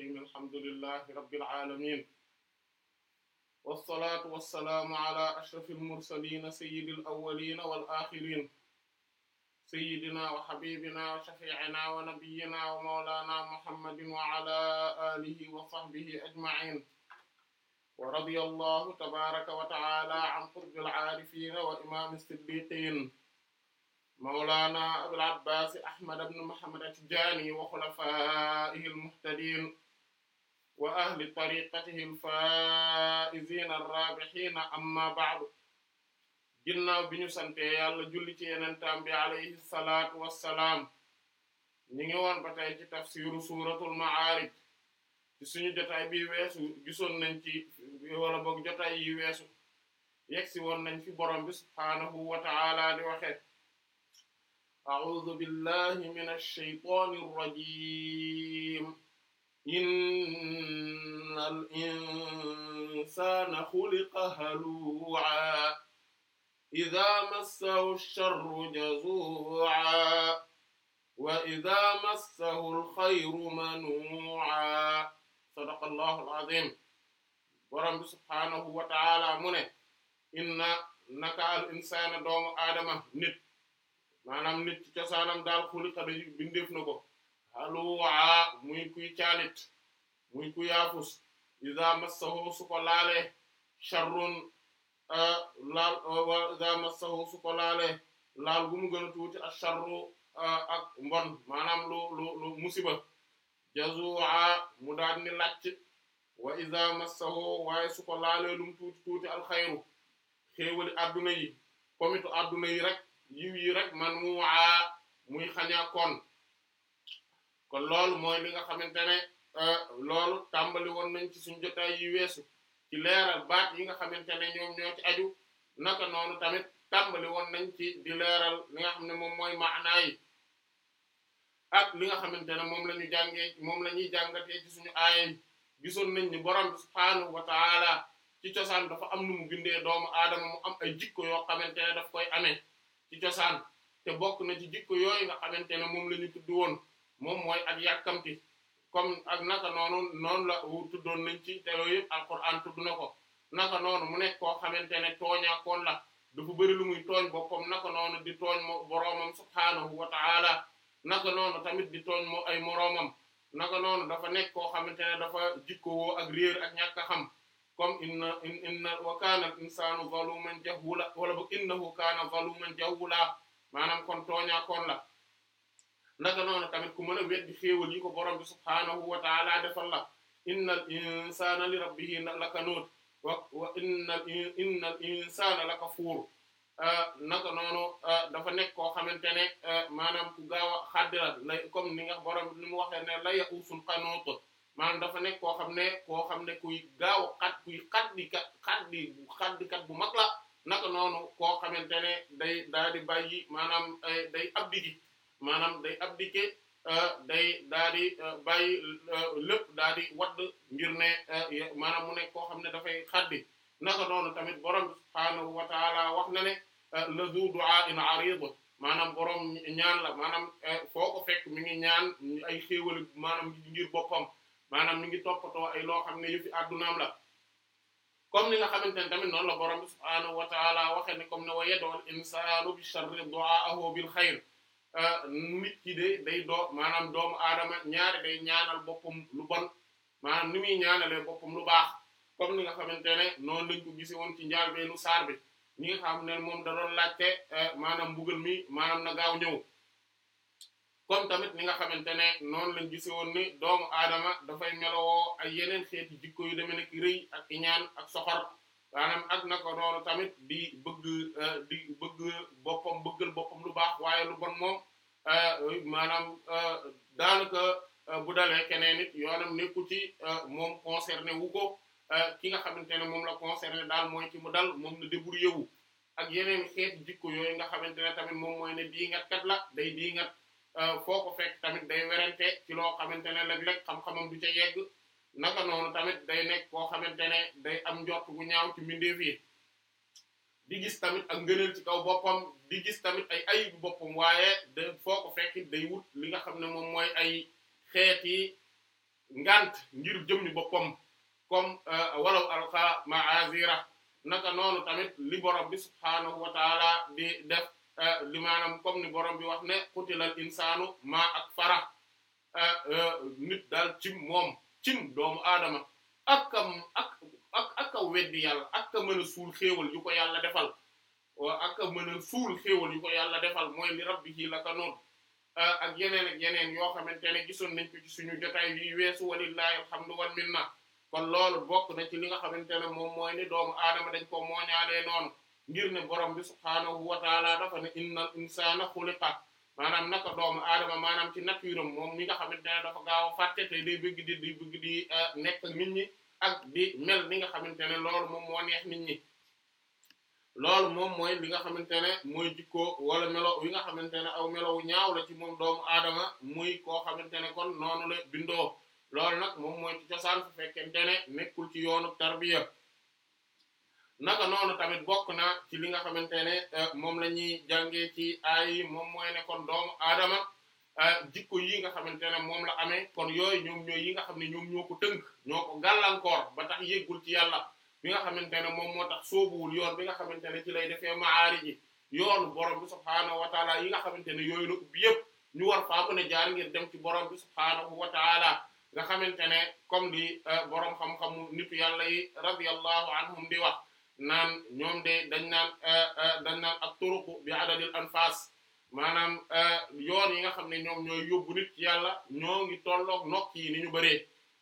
rahim alhamdulillahi rabbil alamin wassalatu wassalaamu ala ashrafil mursalin sayyidil awwalin wal akhirin sayyidina wa habibina wa shafi'ina wa nabiyyina wa mawlana muhammadin wa ala alihi wa sahbihi ajma'in wa radiyallahu tabaraka wa ta'ala an qutbil aarifin wa imam siddiqin mawlana abul abbas ahmad ibn muhammad at-tijani wa khulafaihi al-muhtadin wa ahli tariqatihi al-faa'izina ar-raabihina amma ba'du ginnaaw bi ñu sante yàlla julli ci yenentam bi alayhi salaatu wassalaam ñu ngi woon ba tey ci tafsiru suuratul ma'aarij ci suñu jotaay bi weesu nañ ci wala boog yi weesu yegsi woon nañ borom bi subhaanahu wa ta'ala di waxe a'uudu billahi minash shaytaanir rajiim innal insaana xuliqa haluu'an izaa massahu sharru jazuu'an wa izaa massahul xayru manuu'an sadaqallahul aziim borom bi subhaanahu wa ta'aala mu ne inna naka al insaana doomu aadama nit maanaam nit ci cosaanam daal xuliqa dañu bindeef na ko. aluwaa muy kuy caalit muy ku yaafus iza massahu su ko laalee sharrun laal iza massahu su ko laalee laal gu mu gën a tuuti ak sharru ak mbon maanaam lu lu lu musiba jazua mu daal ni làcc wa iza massahu waaye su ko laalee lu mu tuuti tuuti alxayru xéewali adduna yi komitu adduna yi rek yiw yi rek man mu waa muy xañaa koon kon loolu mooy li nga xamante ne euh, loolu tàmbali woon nañ ci suñ jotaay yi weesu ci leeral baat yi nga xamante ne ñoom ñoo ci aju naka noonu tamit tàmbali woon nañ ci di leeral li nga xam ne moom mooy maanaa yi ak li nga xamante ne moom la ñu jàngee moom la jàngatee ci suñu aaya yi gisoon nañ ni borom bi subhaanahu ci cosaan dafa am nu mu bindee doomu aadama mu am ay jikko yoo xamante ne daf koy amee ci cosaan te bokk na ci jikko yooyu nga xamante ne moom la tudd woon moom mooy ak yàkkamti comme ak naka noonu noonu la tuddoon nañ ci te yooyu yëpp alquran tudd na ko naka noonu mu nekk koo xamante ne tooñaakoon la du bu bëri lu muy tooñ boppam naka noonu di tooñ moo boroomam subhaanahu wa ta'ala naka noonu tamit di tooñ mo ay moroomam naka noonu dafa nekk koo xamante ne dafa jikkowoo ak réer ak ñàkk xam comme inna wa kaana al insaanu zaluman jahula wala bu innahu kaana zaluman jahula maanaam kon tooñaakoon la naka noonu tamit ku mën a weddi xéewal yi ko borom bi subhaanahu wa taala defal la innal insana li rabbihi lakanuut wa wa innal innal insana lakafuur ah, naka noonu ah, dafa nekk koo xamante ne ah, maanaam ku gaaw a xaddiral la ni nga borom ni mu waxee ne la ya'uusun dafa nekk koo xam ne koo xam ne kuy gaaw xat kuy xaddikat xaddi xaddikat bu mag la naka noonu ko xamante ne day daal di bàyyi maanaam eh, day abdigi maanaam day abdiquer euh, day daa di euh, bàyyi euh, lépp daa di wadd ngir ne maanaam mu nekk koo xam ne dafay xaddi naka noonu tamit borom bi subhaanahu wa taala wax na ne la zu du'a'in 'arid maanaam borom ñaan la maanaam foo ko fekk mi ngi ñaan ay xéewal maanaam ngir boppam maanaam mi ngi toppatoo ay lo xam ne yëfi addunaam la comme ni nga xamante ne tamit noonu la borom bi subhaanahu wa taala waxe ne comme ne wa yad'u al-insaanu bi sharri du'a'ahu bil xayr Ah, nit ki de day doo maanaam doomu aadama ñaari day ñaanal boppam lu bon maanaam ni muy ñaanalee boppam lu baax comme ni nga xamante ne noonu lañ ko gisee woon ci njaalbeenu saar bi ñi nga xam ne moom da doon laajte eh, maanaam mbugal mi maanaam na gaaw ñëw comme tamit ni nga xamante ne noonu lañ gisee ni doomu aadama dafay melowoo ay yeneen xeeti jikko yu demee nekk rëy ak iñaan ak soxor maanaam ak naka noonu tamit di bëgg eh, di bëgg boppam bëggal boppam lu baax waaye lu bon moom eh, maanaam eh, daanaka bu dalee keneen nit yoonam nekku ci moom concerné wu ko ki nga xamante ne moom la concerné daal mooy ci mu dal moom na débrouillé wu ak yeneen xeet jikko yooyu nga xamante ne tamit moom mooy ne diingat kat la day diingat foo ko fekk tamit day werante ci loo xamante ne léeg-léeg xam-xamam du ca naka noonu tamit day nekk koo xamante ne day am njort bu ñaaw ci mbindeef di gis tamit ak ngëneel ci kaw boppam di gis tamit ay ayibu boppam waaye de foo ko day wut li nga xam ne moom mooy ay xeeti ngant ngir jëm jëmmi boppam comme euh, walaw alqa ma'azira naka noonu tamit li borom bi subhaanahu wa taala di def euh, li maanaam ni borom bi wax ne qutilal insaanu ma akfara euh, nit daal ci moom cin doomu aadama ak ak ak weddi yàlla ak a mën a suul xéewal yu ko yàlla defal waa ak a mën a suul xéewal yàlla defal mooy li rabbihi lakanoon ah, ak yeneen ak yeneen yoo xamante ne gisoon nañ ci suñu jotaay yi weesu walillahi alhamdu wal na kon loolu bokk na ci li nga xamante ne moom mooy ni doomu aadama dañ ko mooñaalee noonu ngir ne borom bi subhaanahu wa taala dafa ne innal insaana xuliqa maanaam naka doomu aadama maanaam ci nature am moom mi nga xamante ne dafa gaaw a fàtte te day bugg di di bëgg di euh, nekk nit ñi ak di mel ni nga xamante ne loolu moom moo neex ñi loolu moom mooy li nga xamante ne mooy jikko wala melo wi nga xamante ne aw melo wu ñaaw la ci moom doomu aadama muy koo xamante ne kon noonu la bindoo loolu nag moom mooy ci cosaan fu fekkente ne nekkul ci yoonu tarbiya naka noonu tamit bokk na ci li nga xamante ne euh, moom la ñuy jàngee ci aay moom mooy ne kon doomu aadama euh, jikko yi nga xamante ne moom la amee kon yooyu yi nga xam ne ñoom ko tënk ñoo ko ba tax ci yàlla bi nga xamante ne moom moo tax soobuwul yoon bi nga xamante ne ci lay defee maari ji yoonu borom yi nga xamante ne yooyu la ubbi yëpp ñu war a jaar ngir dem ci borom bi subhaanahu wa taala nga xamante ne comme li euh, borom xam-xamu nitu yàlla yi radiyallahu anhum di wax naan ñoom de dañ naan euh, euh, dañ naan ak turuqu bi adadil anfas maanaam euh, yoon yi nga xam ne ñoom ñooy yóbbu nit yàlla ñoo ngi tollook nokk yi ni ñu bëree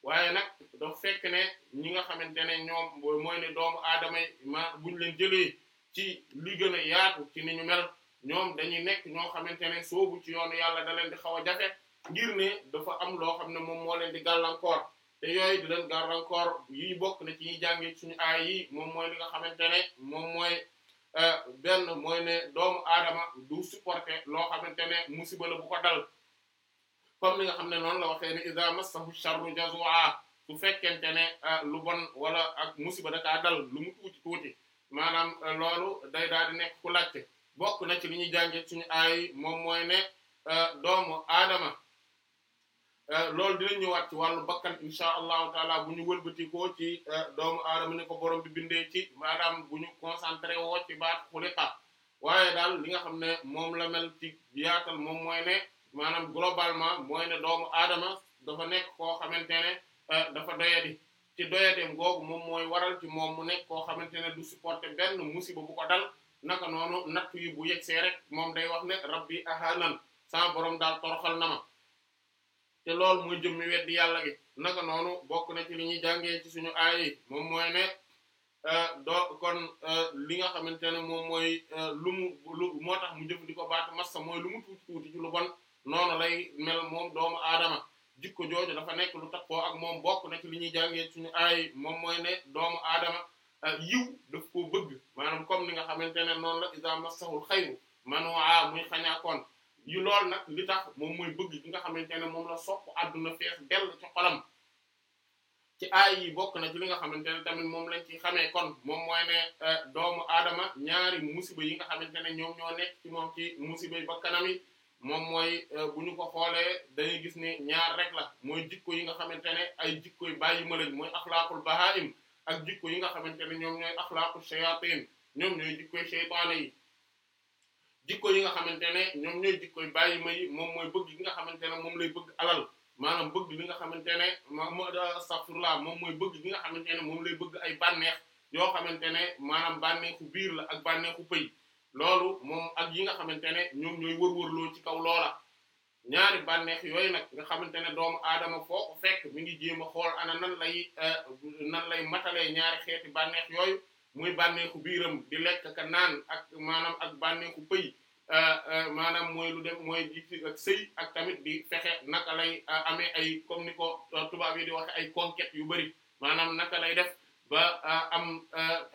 waaye nag daf fekk ne ñi nga xamante ne ñoom mooy ne doomu aadama yi ma buñ leen jëlee ci li gën a yaatu ci ni ñu mel ñoom dañuy nekk ñoo xamante ne soobu ci yoon yàlla da leen di xaw a jafe ngir ne dafa am loo xam ne moom moo leen di gàllankoor te yooyu du leen gàllankoor yi bokk na ci ñuy jàngee suñu ay yi moom mooy li nga xamante ne moom mooy euh, benn mooy ne doomu aadama du supporté loo xamante ne musiba la bu ko dal comme li nga xam ne noonu la waxee ne iza massahu sharru jazua su fekkente ne euh, lu bon wala ak musiba da kaa dal lu mu tuuti tuuti maanaam euh, loolu day daal di nekk ku laajte bokk na ci li ñuy jàngee suñu aay yi moom mooy ne doomu aadama. Eh, loolu dinañ ñëwaat ci wàllu bakkan insha allahu taala bu ñu wëlbatikoo ci eh, doomu aadama ni ko borom bi bindee ci maanaam bu ñu concentré woo ci baat xuliqa waaye daal li nga xam ne moom la mel ci yaatal moom mooy ne maanaam globalement mooy ne doomu aadama dafa nekk koo xamante ne eh, dafa doyadi ci doyadeem googu moom mooy waral ci moom mu nekk koo xamante ne du supporter benn musiba bu ko dal naka noonu natt yi bu yegsee rek moom day wax ne rabbi ahanan sama borom daal toroxal na te loolu mooy jëmmi weddi yàlla gi naka noonu bokk na ci li ñuy jàngee ci suñu aay yi moom mooy ne euh, doo kon euh, li nga xamante ne moom mooy euh, lu mu lu moo tax mu jëfandikoo baat massa mooy lu lu bon noonu lay mel moom doomu aadama jikko jooju dafa nekk lu takkoo ak moom bokk na ci li ñuy jàngee ci suñu aay moom mooy ne doomu aadama yiw daf koo bëgg maanaam comme li nga xamante ne noonu la iza massahul xayru manua muy xañaakoon yu lool nag li tax moom mooy bëgg gi nga xamante ne moom la sopp àdduna fees dell ci xolam ci aay yi bokk na ci li nga xamante ne tamit moom lañ ci xamee kon moom mooy ne euh, doomu aadama ñaari musiba yi nga xamante ne ñoom ñoo nekk ci moom ci musiba yi ba kanam yi moom mooy euh, bu ñu ko xoolee dañuy gis ne ñaar rek la mooy jikko yi nga xamante ne ay jikko yu bàyyi ma mooy axlaaqul bahaim ak jikko yi nga xamante ne ñoom ñooy axlaaqul shayatin ñoom ñooy jikkoy shaytaane yi dikko yi nga xamante ne ñoom ñooy jikko yi bàyyi may yi moom mooy bëgg yi nga xamante ne moom lay bëgg alal maanaam bëgg li nga xamante ne ma astaghfirullah moom mooy bëgg yi nga xamante ne moom lay bëgg ay bànneex yoo xamante ne maanaam bànneexu biir la ak bànneexu pëy loolu moom ak yi nga xamante ne ñoom ñooy wër-wërloo ci kaw loola ñaari bànneex yooyu nag nga xamante ne doomu aadama foo ko fekk mi ngi jéem a xool ana nan lay euh, nan lay matalee ñaari xeeti bànneex yooyu muy bànneexu biiram di lekk ka naan ak maanaam ak bànneexu pëy euh, euh, maanaam mooy lu dem mooy ji ak sëy ak tamit di fexe naka lay euh, amee ay comme ni ko tubaab yi di waxe ay conquête yu bari maanaam naka lay def ba am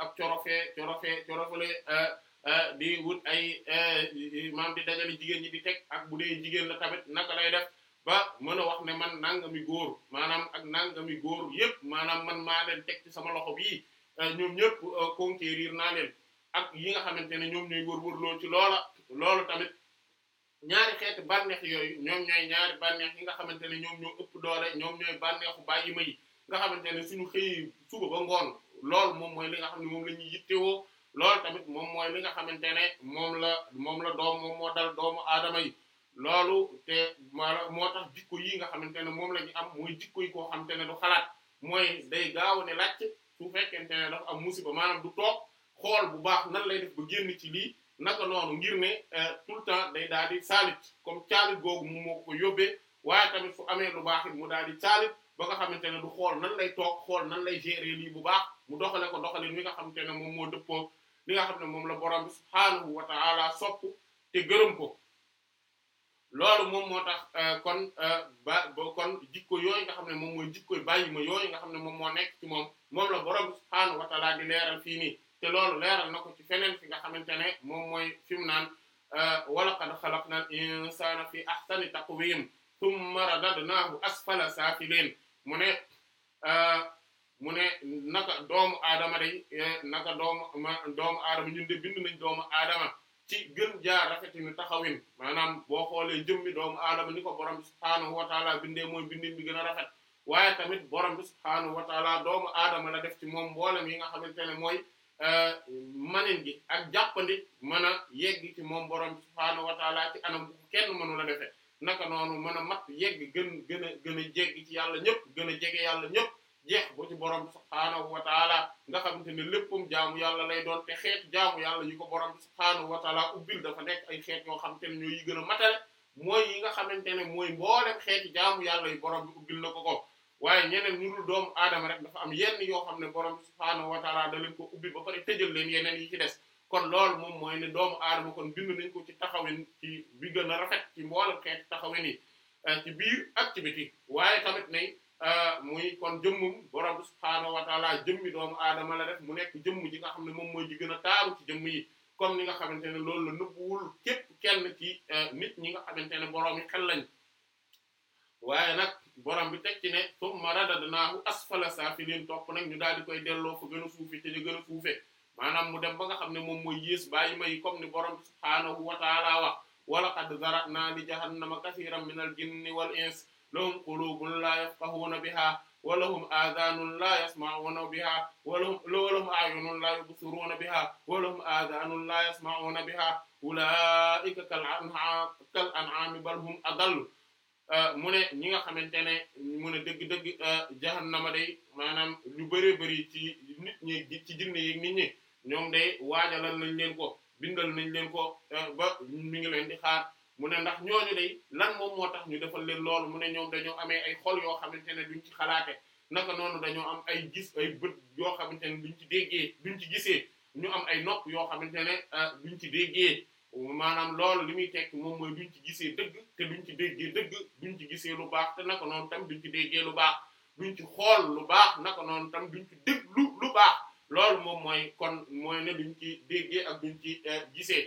ab corofe corofe corofale di wut ay maanaam di dajale jigéen ñi di teg ak bu dee jigéen la tamit naka lay def ba mën a wax ne man nangami góor maanaam ak nangami góor yépp maanaam man maa leen teg ci sama loxo bii Euh, ñoom ñëpp euh, conquérir naa leen ak yi nga xamante ne ñoom ñooy wër-wërloo ci loola loolu tamit ñaari xeeti bànneex yooyu ñoom ñooy ñaari bànneex yi nga xamante ne ñoom ñoo ëpp doole ñoom ñooy bànneexu bàyyi ma yi nga xamante ne suñu xëyi suba ba ngoon lool moom mooy li nga xam ne moom la ñuy yittewoo loolu tamit moom mooy li nga xamante ne moom la moom la doom moom moo dal doomu aadama yi loolu te moo tax jikko yi nga xamante ne moom la ñu am mooy jikko yi koo xamante ne du xalaat mooy day gaaw ne làcc su fekkente ne dafa am musiba maanaam du toog xool bu baax nan lay def ba génn ci lii naka noonu ngir ne euh, tout le temps day daal di saalit comme caalit googu mu moo ko ko yóbbee waaye tamit fu amee lu baax mu daal di caalit ba nga xamante ne du xool nan lay toog xool nan lay gérer lii bu baax mu doxalee ko doxale mi nga xamante ne moom moo dëppoo li nga xam ne moom la borom bi subhaanahu wa ta'ala sopp te gërëm ko loolu moom moo tax euh, kon euh, ba kon jikko yooyu nga xam ne moom mooy jikkoy bàyyi ma yooyu nga xam ne moom moo nekk ci moom moom la borom subhaanahu wa leeral fii nii te loolu leeral na ko ci feneen fi nga xamante ne moom mooy fi mu naan euh, wa laqad xalaqnal insaana fi ahsani taqwiim thumma radadnaahu asfala saafiliin mu ne mu ne naka doomu aadama day naka doomu ma doomu aadama ñun de bind doomu aadama ci gën jaar rafetinu taxawin maanaam boo xoolee jëmmi doomu aadama ni ko borom bi subhaanahu wa taala bindee mooy bindin bi gën a rafet waaye tamit borom bi subhaanahu wa doomu aadama la def ci moom mboolem yi nga xamante ne mooy euh, manin gi ak jàppandi mën a yegg ci moom borom bi subhaanahu wa ci anam kenn mënu la defee naka noonu mën a mat yegg gën gën a gën a jegg ci yàlla ñëpp gën a jege yàlla ñëpp jeex ci borom subhaanahu wa taala nga xamante ne léppam jaamu yàlla lay doon te xeet jaamu yàlla yu ko borom subhaanahu wa taala ubbil dafa nekk ay xeet yoo xam te ne ñooy yi gën a matale mooy yi nga xamante ne mooy mboolem xeeti jaamu yàlla yu borom bi ubbil na ko ko waaye ñeneen ñu dul doomu aadama rek dafa am yenn yoo xam ne borom subhaanahu wa taala da leen ko ubbil ba pare tëjal leen yeneen yi ci des kon lool moom mooy ne doomu aadama kon bind nañ ko ci taxawin ci bi gën a rafet ci mboolem xeeti taxawin yi eh, ci biir ak ci Ah, muy kon jëmm borom subhaanahu wa jëmmi doomu aadama la def mu nekk jëmm ji nga xam ne moom mooy ji gën a taaru ci jëmm yi comme ni nga xamante ne loolu la nëbbuwul képp kenn ci eh, nit ñi nga xamante ne borom yi xel lañ waaye nag borom bi teg ci ne summa radadnaahu asfala saafiliin topp nag ñu daal di koy delloo ko gën a suufe te ñu gën a suufe maanaam mu dem ba nga xam ne moom mooy baa bàyyi may comme ni borom subhaanahu wa taala wax wa laqad zara'naa li jahannama kathiiran minal jinni wal insi lahum qulubun la yafqahuna biha wa lahum adhanun la yasma'una biha wa lahum a'yunun la yubsiruna biha wa a adhanun la yasma'una biha ulaika kal an'ami bal hum adall mu ne ñi nga xamante ne mu ne dëgg-dëgg jahannama day maanaam lu bëree bëri ci nit ñi ci jinne yi nit ñi ñoom day waajalal nañ leen ko bindal nañ leen ko ba mi ngi leen di xaar mu ne ndax ñooñu day lan moom moo tax ñu defal leen loolu mu ne ñoom dañoo amee ay xool yoo xamante ne duñ ci xalaate naka noonu dañoo am ay gis ay bët yoo xamante ne duñ ci déggee ñu ci gisee ñu am ay nopp yoo xamante ne duñ ci déggee maanaam loolu li muy tekk moom mooy duñ ci gisee dëgg te duñ ci déggee dëgg duñ ci gisee lu baax te naka noonu tam ñu ci déggee lu baax duñ ci xool lu baax naka noonu tam duñ ci déglu lu loolu moom mooy kon mooy ne duñ ci déggee ak duñ ci gisee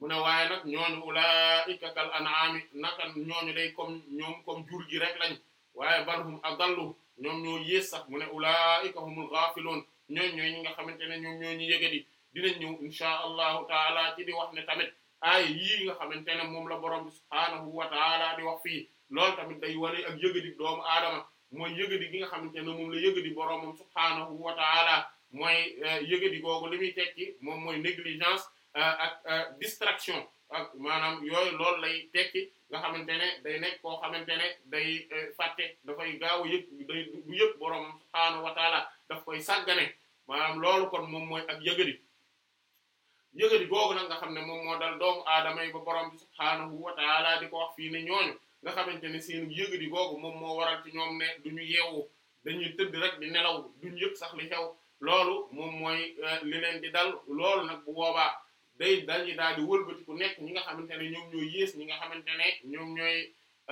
mu ne waaye nag ñooñu ulaa'ika kal an'aami naka ñooñu day comme ñoom comme jur gi rek lañ waaye balhum adallu ñoom ñoo yées sax mu ne ulaa'ika humul ghaafiluun ñooñ ñooy ñi nga xamante ne ñoom ñoo ñu yëgadi dinañ ñëw inchaa allahu taala ci di wax ne tamit aay yii nga xamante ne moom la borom bi subhaanahu wa taala di wax fii lool tamit day wane ak yëgadi doomu aadama mooy yëgadi gi nga xamante ne moom la yëgadi boromam subhaanahu wa taala mooy eh, yëgadi googu li muy tekki moom mooy négligence Euh, ak euh, distraction ak maanaam yooyu loolu lay tekki nga xamante ne day nekk koo xamante ne day euh, fàtte dafay gaaw a yëg day du yëg borom subhaanahu wa daf koy sàggane maanaam loolu kon moom mooy ak yëgadi yëgadi googu nag nga xam ne moom moo dal doomu aadama yi ba borom bi subhaanahu wa taala di fii ne ñooñu nga xamante ne seen yëgadi googu moom moo waral ci ñoom ne du ñu yeewu dañuy tëdd rek di nelaw duñu yëg sax li xew loolu moom mooy li leen di dal loolu nag bu boobaa. day dañuy daal di ku nekk ñi nga xamante ne ñoom ñooy yées ñi nga xamante ne ñoom ñooy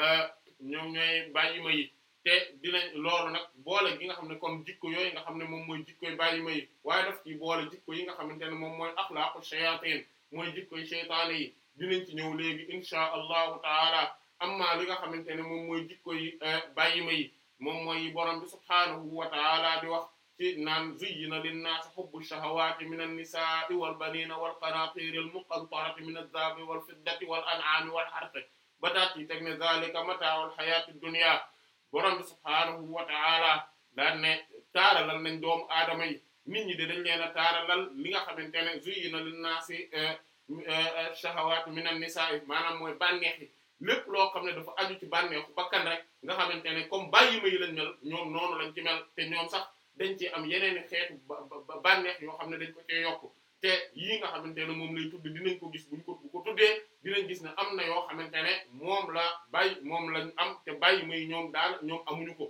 euh, ñoom ñooy bàyyima yi te dinañ loolu nag boole gi nga xam ne kon jikko yooyu nga xam ne moom mooy jikko bàyyima yi waaye daf ci boole jikko yi nga xamante ne moom mooy axlaaqu shayatin mooy jikkoy seytaane yi dinañ ñëw léegi insha allahu taala amma li nga xamante ne moom mooy yi euh, bàyyima yi moom mooy borom bi subhaanahu wa taala di wax ci naan zuyyina linnaasi hubbu shahawaati mina nisaa'i wal baniina wal qanaatiiri al muqantarati mina zahabi wal fiddati wal an'aami wal harfi ba taat yi teg ne zaalika mataa'ul hayaati dunya borom bi subhaanahu wa ta'aala daan ne taaralal nañ doomu aadama yi nit ñi de dañ leen a taaralal li nga xamante ne zuyyina linnaasi eh, eh, eh, shahawaati mina nisaa'i maanaam mooy bànneex yi lépp loo xam ne dafa aju ci bànneexu bakkan rek nga xamante ne comme bàyyima yi lañ mel ñoom noonu lañ dañ ci am yeneen i xeetu bànneex yoo xam ne dañ ko yokk te yii nga xamante ne moom lay tudd dinañ ko gis buñ bu ko tuddee dinañ gis ne am na yoo xamante ne moom la bàyyi moom lañ am te bàyyi muy ñoom daal ñoom amuñu ko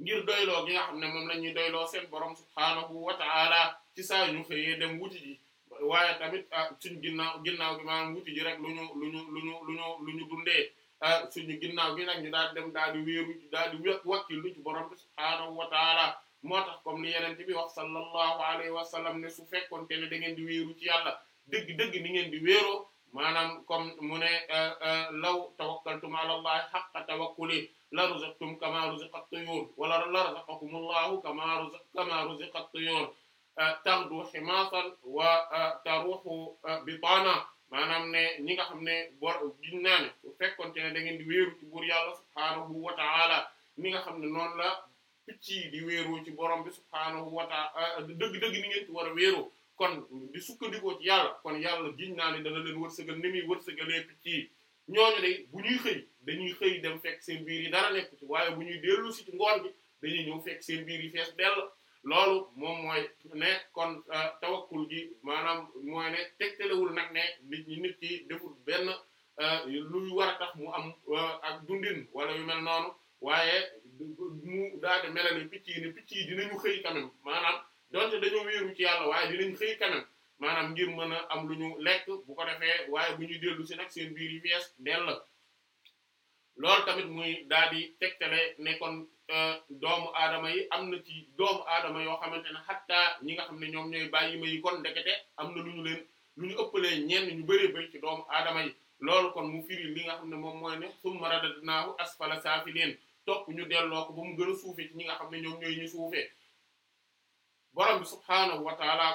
ngir doyloo gi nga xam ne moom lañuy ñuy doyloo seen borom subhaanahu wa ci saa ñu xëyee dem wuti ji waaye tamit ci ah, ginnaaw ginnaaw gi maanaam rek lu ñu lu ñu lu ñu lu ñu lu ñu dundee suñu ginnaaw gi nag ñu daal di dem daal di wéeru daal di wakkilu ci borom bi subhaanahu wa taala moo tax comme ni yeneen bi wax sallallahu alayhi wa sallam ne su fekkoon te ne da ngeen di wéeru ci yàlla dëgg dëgg ni ngeen di wéeroo maanaam comme mu ne eh, eh, law tawakkaltum ala allahi haqqa tawakkuli la ruzaqtum kama ruziqa at-tuyur wala la razaqakum allahu kama kama ruziqa at-tuyur eh, taghdu himasan wa taruhu bitana maanaam ne ñi nga xam ne bor giñ naa ne bu fekkonte ne da ngeen di wéeru ci buur yàlla subhaanahu wa ta'ala nga xam ne noon la picc yi di wéeroo ci borom bi subhaanahu wa dëgg-dëgg ah, ah, ni ngeen ci war a wéeroo kon di sukkandikoo ci yàlla kon yàlla giñ naa ne dana leen wërsëgal ni muy wërsëgalee picc yi ñooñu day bu ñuy xëy dañuy xëy dem fekk seen biir yi dara nekk ci waaye bu ñuy dellu si ci ngoon bi dañuy ñëw fekk seen biir yi fees dell loolu moom mooy ne kon euh, tawakkul gi maanaam mooy ne tegtalewul nag ne nit ñi nit ki deful benn euh, luy war a tax mu am euh, ak dundin wala yu mel noonu waaye mu daal di mel ni picc yi ne picc yi dinañu xëy quand maanaam donte dañoo wéeru ci yàlla waaye dinañ xëy quand maanaam ngir mën a am lu ñu lekk bu ko defee waaye bu ñuy dellu si nag seen biir yi fees dell la loolu tamit muy daal di tegtale ne kon euh, doomu aadama yi am na ci doomu aadama yoo xamante ne xatta ñi nga xam ne ñoom ñooy bàyyi ma yi kon ndekete am na lu ñu leen lu ñu ëppalee ñenn ñu bëree bëri ci doomu aadama yi loolu kon mu firi li nga xam ne moom mooy ne summa radadnaahu asfala saafiliin topp ñu delloo ko ba mu gën a suufee ci ñi nga xam ne ñoom ñooy ñu suufee borom bi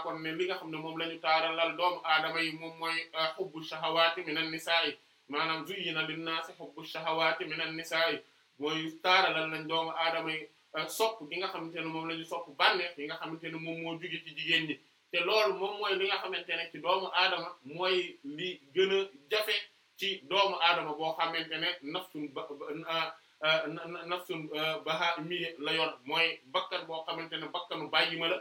kon ne li nga xam ne moom la ñu taaralal doomu aadama yi moom mooy mi na minan nisaa'i maanaam zuyyina linnaasi hubbu shahawaati minan nisaa'i mooy taaralal nañ doomu aadama yi euh, sopp gi nga xamante ne moom la ñu sopp bànneex yi nga xamante ne moom moo jóge ci jigéen ñi te loolu moom mooy li nga xamante ne ci doomu aadama mooy li gën a jafe ci doomu aadama boo xamante ne nafsun ba euh, nafsun euh, baha mi la yoon mooy bakkan boo xamante ne bakkanu bàyyima la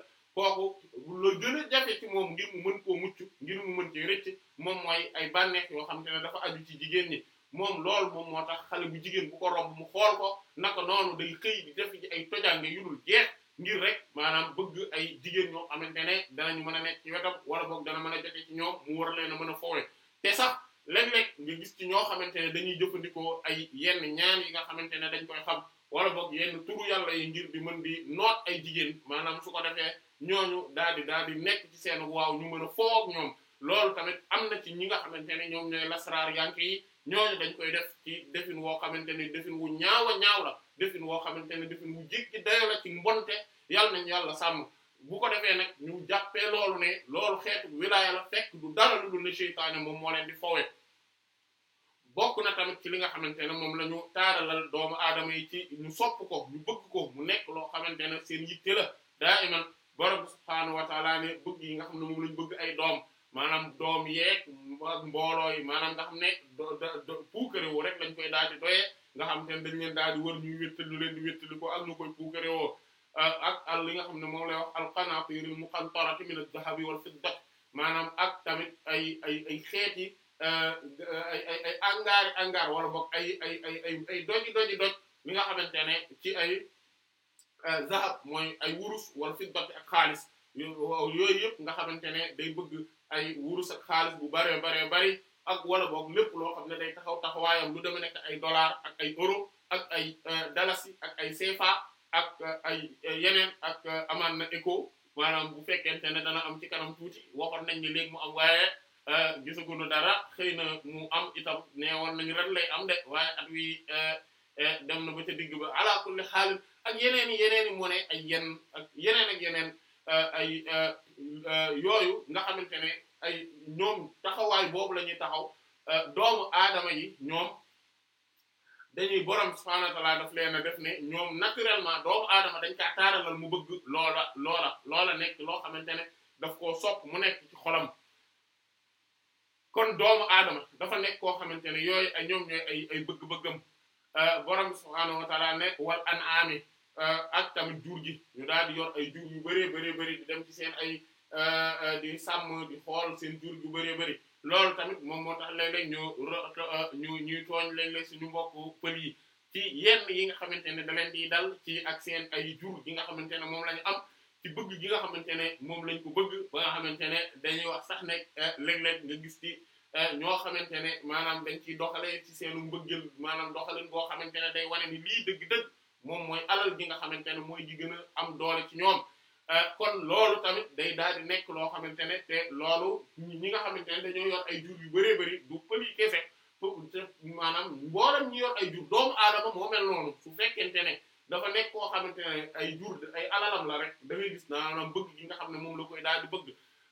kooku lu gën jafe ci moom ngir mu mën koo mucc ngir mu mën ci rëcc moom mooy ay bànneex yoo xam te ne dafa aju ci jigéen ñi moom lool moom moo tax xale bu jigéen bu ko romb mu xool ko naka noonu day xëy di def ci ay tojange yu dul jeex ngir rek maanaam bëgg ay jigéen ñoo xamante ne danañu mën a nekk ci wetam wala boog dana mën a jote ci ñoom mu war leen a mën a foowee te sax léeg-léeg gis ci ñoo xamante ne dañuy jëfandikoo ay yenn ñaan yi nga xamante ne dañ koy xam wala boog yenn turu yàlla yi ngir bi mën di noot ay jigéen maanaam su ko defee ñooñu daal di daal di nekk ci seen waaw ñu mën a ñoom loolu tamit am na ci ñi nga xamante ne ñoom ñooy lasaraar yanke yi ñooñu dañ koy def ci defin woo xamante ne defin wu ñaaw ñaaw la defin woo xamante ne defin wu jéggi dayo la ci mbonte yàlla nañu yàlla sàmm bu ko defee nag ñu jàppee loolu ne loolu xeetu wilaaya la fekk du dara lu dul ne seytaane moom moo leen di fowe bokk na tamit ci li nga xamante ne moom lañu ñu taaralal doomu aadama yi ci ñu ko ñu bëgg ko mu borom subhaanahu wa ne bëgg yi nga xam ne moom lañ bëgg ay doom maanaam doom yeeg ak mbooloo yi maanaam nga xam ne puukare woo rek lañ koy daal di doyee nga xam te ne dañ leen daal di wër ñuy wéttalu leen ak ñu euh, li nga xam ne moom lay wax alqanatiril a min adh-dhahabi wal fidda maanaam ak tamit ay ay ay xeeti euh, ay angaari angaar wala boog ay ay ay ay ay doji doji doj li nga xamante ne ci ay Euh, zahab mooy ay wurus wala fiddati ak xaalis yooyu yëpp nga xamante ne day bëgg ay wurus ak xaalis bu bare baree bari ak wala boog lépp loo xam ne day taxaw taxawaayam lu deme nekk ay dollar ak ay euro ak ay euh, dalasi ak ay CFA ak euh, ay yeneen ak amaan na éco maanaam bu fekkente ne dana am ci kanam tuuti waxoon nañ ni léegi mu am waaye gisaguñu dara xëy na mu am itam ne nañ ren lay am de waaye at wi dem na ba ca digg ba ala kulli xaalis ak yeneen i yeneen i ay yenn ak yeneen ak yeneen euh, ay euh, euh, yooyu nga xamante ne ay ñoom taxawaay boobu la ñuy taxaw doomu aadama yi ñoom dañuy borom subhaanahu wa daf leen a def ne ñoom naturellement doomu mu bëgg loola loola loola nekk xamante ne daf koo sopp mu nekk xolam kon doomu aadama dafa nekk koo xamante ne yooyu ay ñoom ñooy ay bëgg-bëggam borom subhaanahu wa ta'aala ne wal an'aami Euh, ak tamit jur gi ñu daal di yor ay jur yu bëree bëree bëri di seen ay euh, euh, di sàmm xool seen jur yu bëree bëri loolu tamit moom moo tax léeg ñu ñu ñuy tooñ léeg suñu mbokk pël yi ci yenn yi nga xamante ne da leen di dal ci ak seen ay jur gi nga xamante ne moom la ñu am ci bëgg gi nga xamante ne moom lañ ko bëgg ba nga xamante ne dañuy wax sax ne léeg-léeg nga gis ci ñoo xamante ne maanaam dañ ciy doxale ci seenu mbëggeel maanaam doxalin boo xamante ne day wane ni lii dëgg-dëgg moom mooy alal gi nga xamante ne mooy ji gën a am doole ci ñoom euh, kon loolu tamit day daal di nekk loo xamante ne te loolu ñi nga xamante ne dañoo yor ay jur yu bëree bëri du pël yi kese maanaam mboolem ñu yor ay jur doomu aadama moo mel noonu su fekkente ne dafa nekk koo xamante ne ay jur ay alalam la rek da gis gis maanaam bëgg gi nga xam ne moom la koy daal di bëgg.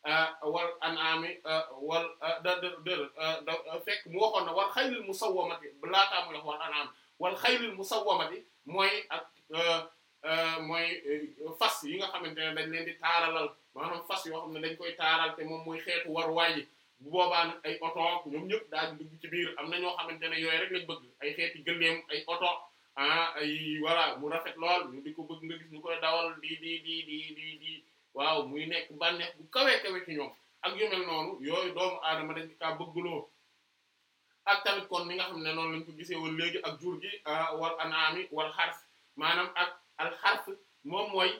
Euh, wal an ami euh, wal da da fekk mu waxoon na mu wal xaylil musawwamati balaataa muy wax wal an ami wal xaylil musawwamati mooy ak euh, euh, mooy euh, fas yi nga xamante ne dañ leen di taaralal maanaam fas yoo xam ne dañ koy taaral te moom muy xeetu waruwaay yi bu boobaan nag ay oto ñoom ñëpp daal di ci biir am na ñoo xamante ne yooyu rek lañ bëgg ay xeeti gëléem ay oto ah ay wala mu rafet lool ñu di ko bëgg nga gis ñu koy dawal di di di di di waaw muy nekk bànneex bu kawe kawe ci ñoom ak yu mel noonu yooyu doomu aadama dañ kaa bëgguloo ak tamit kon ni nga xam ne noonu lañ ko gisee léegi ak jur gi ah, wal anaami wal xarf maanaam ak al moom mooy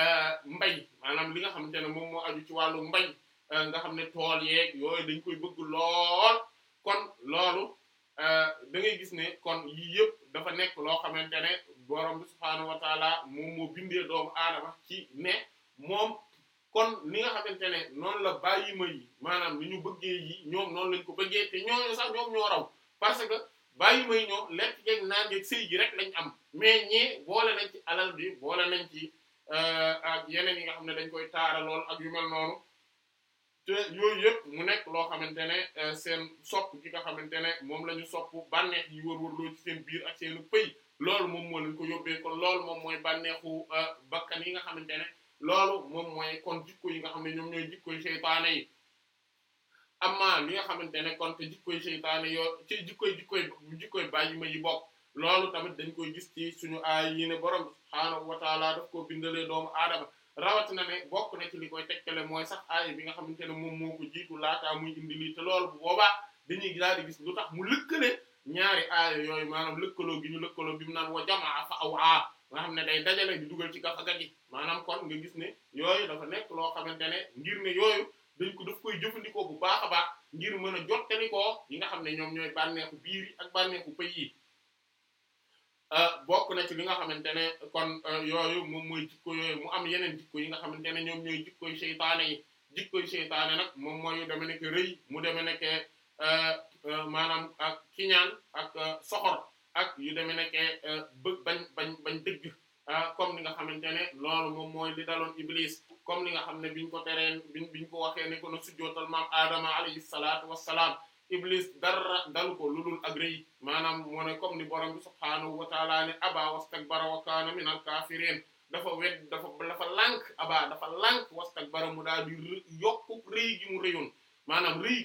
ah, mbay maanaam li nga xamante ne moom moo aju ci wàllu mbay ah, nga xam ne tool yeeg yooyu dañ koy bëgg lool kon loolu da gis ne kon yii yëpp dafa nekk loo xamante ne borom bi subhaanahu wa moom moo bindee doomu aadama ci ne moom kon ni nga xamante ne noonu la bàyyi ma yi maanaam ni ñu bëggee yi ñoom noonu lañ ko bëggee te ñoo sax ñoom ñoo raw parce que bàyyi ma yi ñoom lekk geeg naa geeg sëy ji rek lañ am mais ñee boole nañ ci alal bi boole nañ ci euh, ak yeneen yi nga xam ne dañ koy taara lool ak yu mel noonu te yëpp mu nekk loo xamante ne euh, seen sopp ki nga xamante ne moom la ñu sopp bànneex yi wër-wër loo ci seen biir ak seenu pëy loolu moom moo leen ko yóbbee kon loolu moom mooy bànneexu euh, bakkan yi nga xamante ne loolu moom mooy kon jikko yi nga xam ne ñoom ñooy jikkoy seytaane yi amma li nga xamante ne kon te jikkoy seytaane yoo ci jikkoy jikkoy jikkoy bàyyi ma yi bokk loolu tamit dañ koy gis ci suñu aay yi borom subhaanahu wa taala daf koo doomu aadama rawatina ne bokk na ci li koy tekkale mooy sax aay bi nga xamante ne moom moo ko jiitu laataa muy indi lii te loolu bu boobaa dañuy daal di gis lu tax mu lëkkale ñaari aaya yooyu maanaam lëkkaloo gi ñu lëkkaloo bi mu naan wa jamaa fa awaa nga xam ne day dajale di dugal ci gafaga gi maanaam kon nga gis ne yooyu dafa nekk loo xamante ne ngir ne yooyu dañ ko daf koy jëfandikoo bu baax a baax ngir mën a jottali ko yi nga xam ne ñoom ñooy bànneexu biir yi ak bànneexu pëy yi euh, bokk na ci li nga xamante ne kon euh, yooyu moom mooy jikko yooyu mu am yeneen jikko yi nga xamante ne ñoom ñooy jikkoy seytaane yi jikkoy seytaane nag moom mooy yu deme nekk rëy mu deme nekk euh, maanaam ak kiñaan ak ak yu demee nekk euh, bëgg bañ bañ bañ dëgg ah, comme ni nga xamante ne loolu moom mooy li daloon iblis comme ni nga xam ne biñ ko tereen biñ biñ ko waxee ne ko na sujjootal maam Adama alayhi salaatu wassalaam iblis dara dalu ko lulul ak rëy maanaam moo ne comme ni borom bi subhaanahu wa taala ne aba wastakbara wa kaana minal kaafiriin dafa wedd dafa dafa lànk aba dafa lànk wastakbara mu daal di yokku rëy gi mu rëyoon maanaam rëy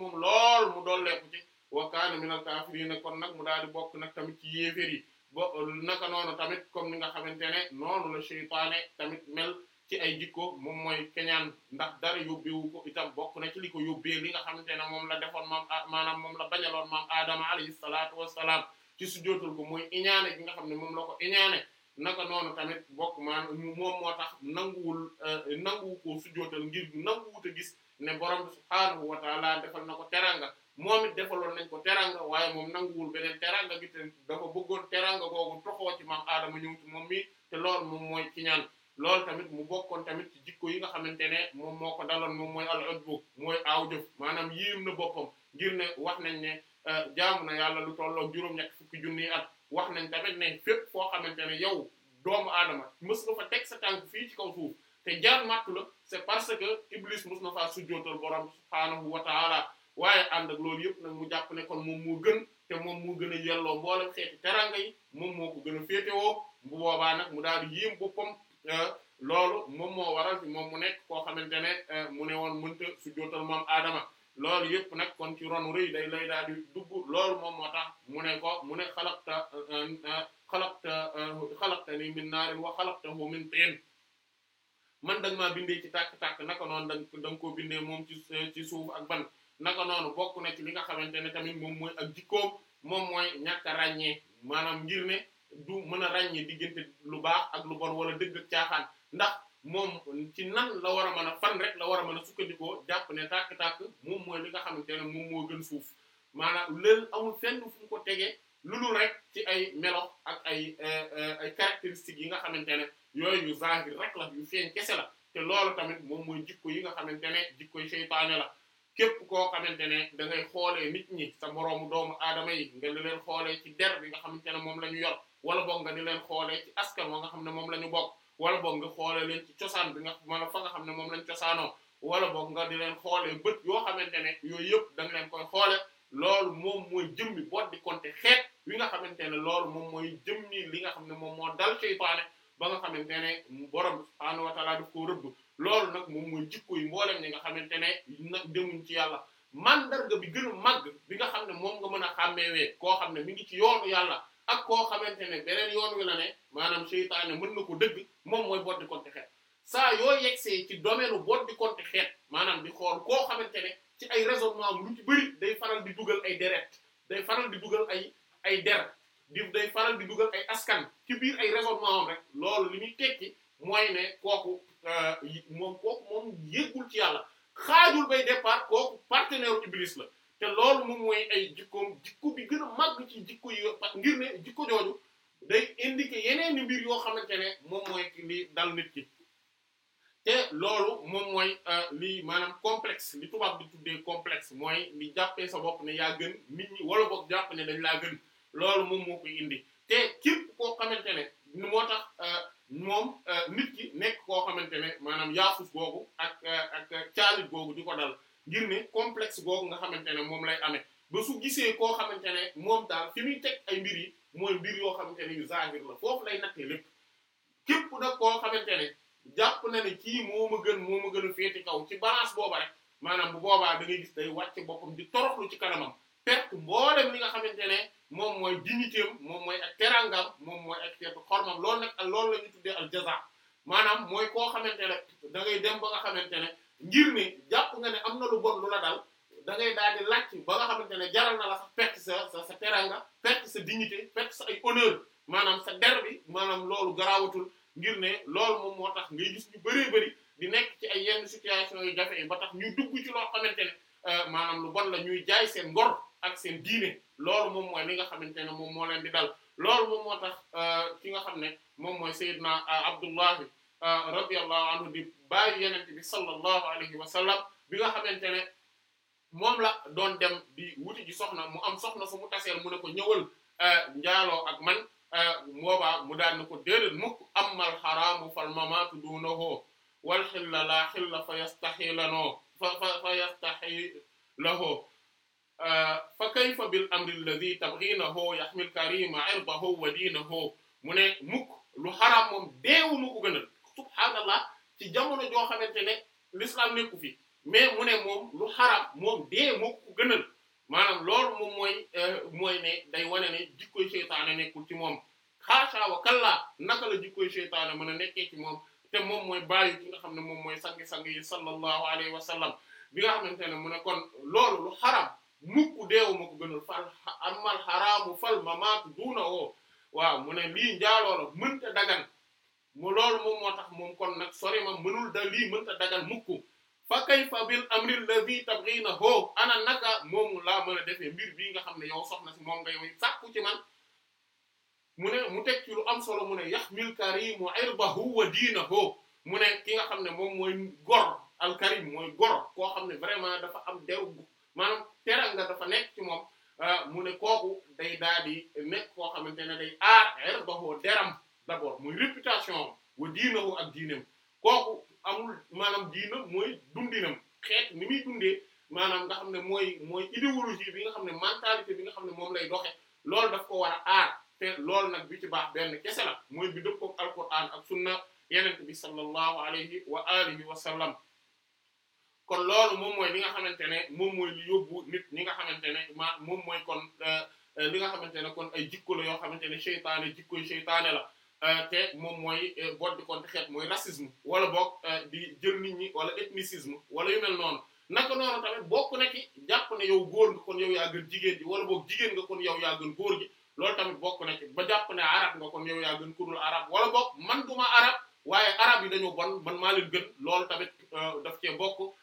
moom lool mu dolleeku wa kaana minal kaafiriina kon nag mu daal di bokk nag tamit ci yéefér yi ba naka noonu tamit comme ni nga xamante ne noonu la seytaane tamit mel ci ay jikko moom mooy keñaan ndax dara yóbbewu ko itam bokk na ci liko ko yóbbee li nga xamante ne moom la defoon maam maanaam moom la bañaloon maam aadama alayhi salaatu wassalaam ci sujjóotul ko mooy iñaane nga xam ne moom la ko iñaane naka noonu tamit bokk maan moo tax nanguwul euh, nanguwu ko sujjóotal ngir nanguwut a gis ne borom bi subhaanahu wa taala na ko teranga moom it defaloon nañ ko teranga waaye moom nanguwul beneen teranga gi te dafa bëggoon teranga googu toxoo ci maam aadama ñëw ci moom mii te loolu moom mooy ci ñaan loolu tamit mu bokkoon tamit ci jikko yi nga xamante ne moom moo ko daloon moom mooy al-ujbu mooy aaw jëf maanaam yiim na boppam ngir ne wax nañ ne euh, jaamu na yàlla lu tolloo juróom-ñett fukki junni at wax nañ tamit ne fépp foo xamante ne yow doomu aadama mës teg sa tànk kaw suuf te jaar màttu la c'est parce que iblis mos na faa sujjootal borom subhaanahu wa taala waaye ànd ak loolu yëpp nag mu jàpp ne kon moom moo gën te moom mu gën a yelloo mboolem xeeti teranga yi moom moo ko gën a féetewoo bu boobaa nag mu daal di yéem boppam euh, loolu moom moo waral fi moom mu nekk koo xamante ne euh, mu ne woon mënta sujjootal moom aadama loolu yëpp nag kon ci ronu rëy day lay daal di dugg loolu moom moo tax mu ne ko mu ne xalaqta euh, xalaqta xalaqtani min naarin wa xalaqtahu man da nga maa bindee ci tàkk-tàkk naka noonu da nga koo bindee moom ci ci suuf ak ban naka noonu bokk na ci li nga xamante ne tamit moom mooy ak jikkoom moom mooy ñàkk a ràññee maanaam ngir ne du mën a ràññee diggante lu baax ak lu bon wala dëgg ak caaxaan ndax moom ci nan la war a mën a fan rek la war a mën a sukkandikoo jàpp ne tàkk-tàkk moom mooy li nga xamante ne moom moo gën suuf maanaam loolu amul fenn fu ko tegee lu dul rek ci ay melo ak ay euh, euh, ay caractéristiques yi nga xamante ne yooyu yu zahir rek la yu feeñ kese la te loolu tamit moom mooy jikko yi nga xamante ne jikkoy seytaane la képp koo xamante ne da ngay xoolee nit ñi sa moroomu doomu aadama yi nga di leen xoolee ci der bi nga xamante ne moom la ñu yor wala boog nga di leen xoolee ci askan wa nga xam ne moom la ñu bokk wala boog nga xoolee leen ci cosaan bi nga mën fa nga xam ne moom lañ cosaanoo wala boog nga di leen xoolee bët yoo xamante ne yooyu yëpp da nga leen koy xoole loolu moom mooy jëmmi boot di compter xeet bi nga xamante ne loolu moom mooy jëmmi li nga xam ne moom moo dal seytaane ba nga xamante ne borom subhaanahu wa ta'aala daf koo rëbb loolu nag moom mooy jikko yi mboolem ñi nga xamante ne nag demuñ ci yàlla man mandarga bi gën a màgg bi nga xam ne moom nga mën a xàmmeewee koo xam ne mi ngi ci yoonu yàlla ak koo xamante ne beneen yoon wi la ne maanaam seytaane mën na ko dëgg moom mooy boddi konte xeet saa yoo yegsee ci domaine boddi konte xeet maanaam di xool koo xamante ne ci ay raisonnement lu ci bëri day faral di dugal ay deret day faral di dugal ay ay der di day faral di dugal ay askan ci biir ay raisonnement am rek loolu li muy tekki mooy ne kooku euh, moom kooku moom ci yàlla xaajul bay départ kooku partenaire iblis la te loolu moom mooy ay jikkoom jikko bi gën a màgg ci jikko yi ngir ne jikko jooju day indiquer yeneen mbir yoo xamante ne moom mooy li dal nit ki te loolu moom mooy euh, li maanaam complexe li tubaab bi tuddee complexe mooy li jàppee sa bopp ne yaa gën nit ñi wala boog jàpp ne dañ laa gën loolu moom moo koy indi te képp koo xamante ne moo tax euh, moom euh, nit ki nekk koo xamante ne maanaam yaafus googu ak euh, ak caalit googu di ko dal ngir ne complexe googu nga xamante ne moom lay amee ba su gisee koo xamante ne moom daal fi muy teg ay mbir yi mooy mbir yoo xamante ne yu zahir la foofu lay nattee lépp képp nag koo xamante ne jàpp na ne kii moo ma gën moo ma gën a féeti kaw ci balance booba rek maanaam bu boobaa da ngay gis day wàcc boppam di toroxlu ci kanamam xamante ne moom mooy dignité am moom mooy ak terangam moom mooy ak tedd xormam loolu nag loolu la ñu tuddee al jaza maanaam mooy koo xamante ne da ngay dem ba nga xamante ne ngir ne jàpp nga ne am na lu bon lu la dal da daal di làcc ba nga xamante ne jaral na la sax perte sa sa sa teranga perte sa dignité perte sa ay honneur maanaam sa der bi maanaam loolu garaawatul ngir ne loolu moom moo tax ngay gis ñu bëree bëri di nekk ci ay yenn situation yu jafe yi ba tax ñu dugg ci loo xamante ne euh, maanaam lu bon la ñuy jaay seen ngor ak seen diine loolu moom mooy li nga xamante ne moom moo leen di dal loolu moom moo euh, ki nga xam ne moom mooy Seydina euh, Abdullahi euh, radiyallahu anhu di bàyyi bi wa sallam bi nga xamante ne moom la doon dem bi wuti ji soxna mu am soxna su mu taseel mu ne ko ñëwal njaaloo ak man boobaa mu daan ne ko déedéet mukk amal xaraamu fal mamaatu duunahoo wal xilla laa xilla fa yastaxi lanoo fa fa fa yastaxi lahoo fa kayfa bil amri alladhi tabghinahu yahmil karima irdahu wa dinahu mu ne mukk lu xaraam moom deewu mu ko gënal subhaanallah ci jamono joo xamante ne l'islam nekku fi mais mu ne moom lu xaraam moom dee moo ko gënal maanaam loolu moom mooy euh, mooy ne day wane ne jikkoy seytaane nekkul ci moom xaasa wa kallaa naka la jikkoy seytaane mën a nekkee ci moom te moom mooy bàyyi ki nga xam ne moom mooy sangi-sang yi sallallahu alayhi wa sallam bi nga xamante ne mu ne kon loolu lu xaraam mukk deewu ma ko gënal fal amal xaraamu fal mamaatu duuna woo waaw mu ne lii njaaloo la mënta dagan tax moom kon nag sori ma mënul da lii mënta dagan mukk fa kayfa bil amri alladhi tabghina hoo ana naka moomu laa mën a defee mbir bii nga xam ne yow soxna si moom nga yow sàkku ci man mu ne mu teg ci am solo mu ne yaxmil karimu irbahu wa diinahu mu ne ki nga xam ne moom mooy gor al karim mooy gor koo xam ne vraiment dafa am deru maanaam teranga dafa nekk ci moom euh, mu ne kooku day daal di nekk koo xamante ne day aar irdahu deram d'abord muy réputation wa diinahu ak diinam kooku amul maanaam diina mooy dundinam xeet ni muy dundee maanaam nga xam ne mooy mooy idéologie bi nga xam ne mentalité bi nga xam ne moom lay doxe loolu daf ko war a aar te loolu nag bi ci baax benn kese la mooy bi dëppoo ak alquran ak yeneen yenent bi sallallahu alayhi wa alihi wa sallam kon loolu moom mooy li nga xamante ne moom mooy li yóbbu nit ñi nga xamante ne ma moom mooy kon euh, euh, li nga xamante ne kon ay jikko la yoo xamante ne seytaane jikkoy seytaane la euh, te moom mooy bodd kon xeet mooy racisme wala boog di jël nit ñi wala ethnicisme wala yu mel noonu naka noonu tamit bokk na ki jàpp ne yow góor nga kon yow yaa gën jigéen ji wala boog jigéen nga kon yow yaa gën góor gi loolu tamit bokk na ci ba jàpp ne arab nga kon yow yaa gën kudul arab wala boog man duma arab waaye arab yi dañoo bon man maa leen gën loolu tamit daf cee bokk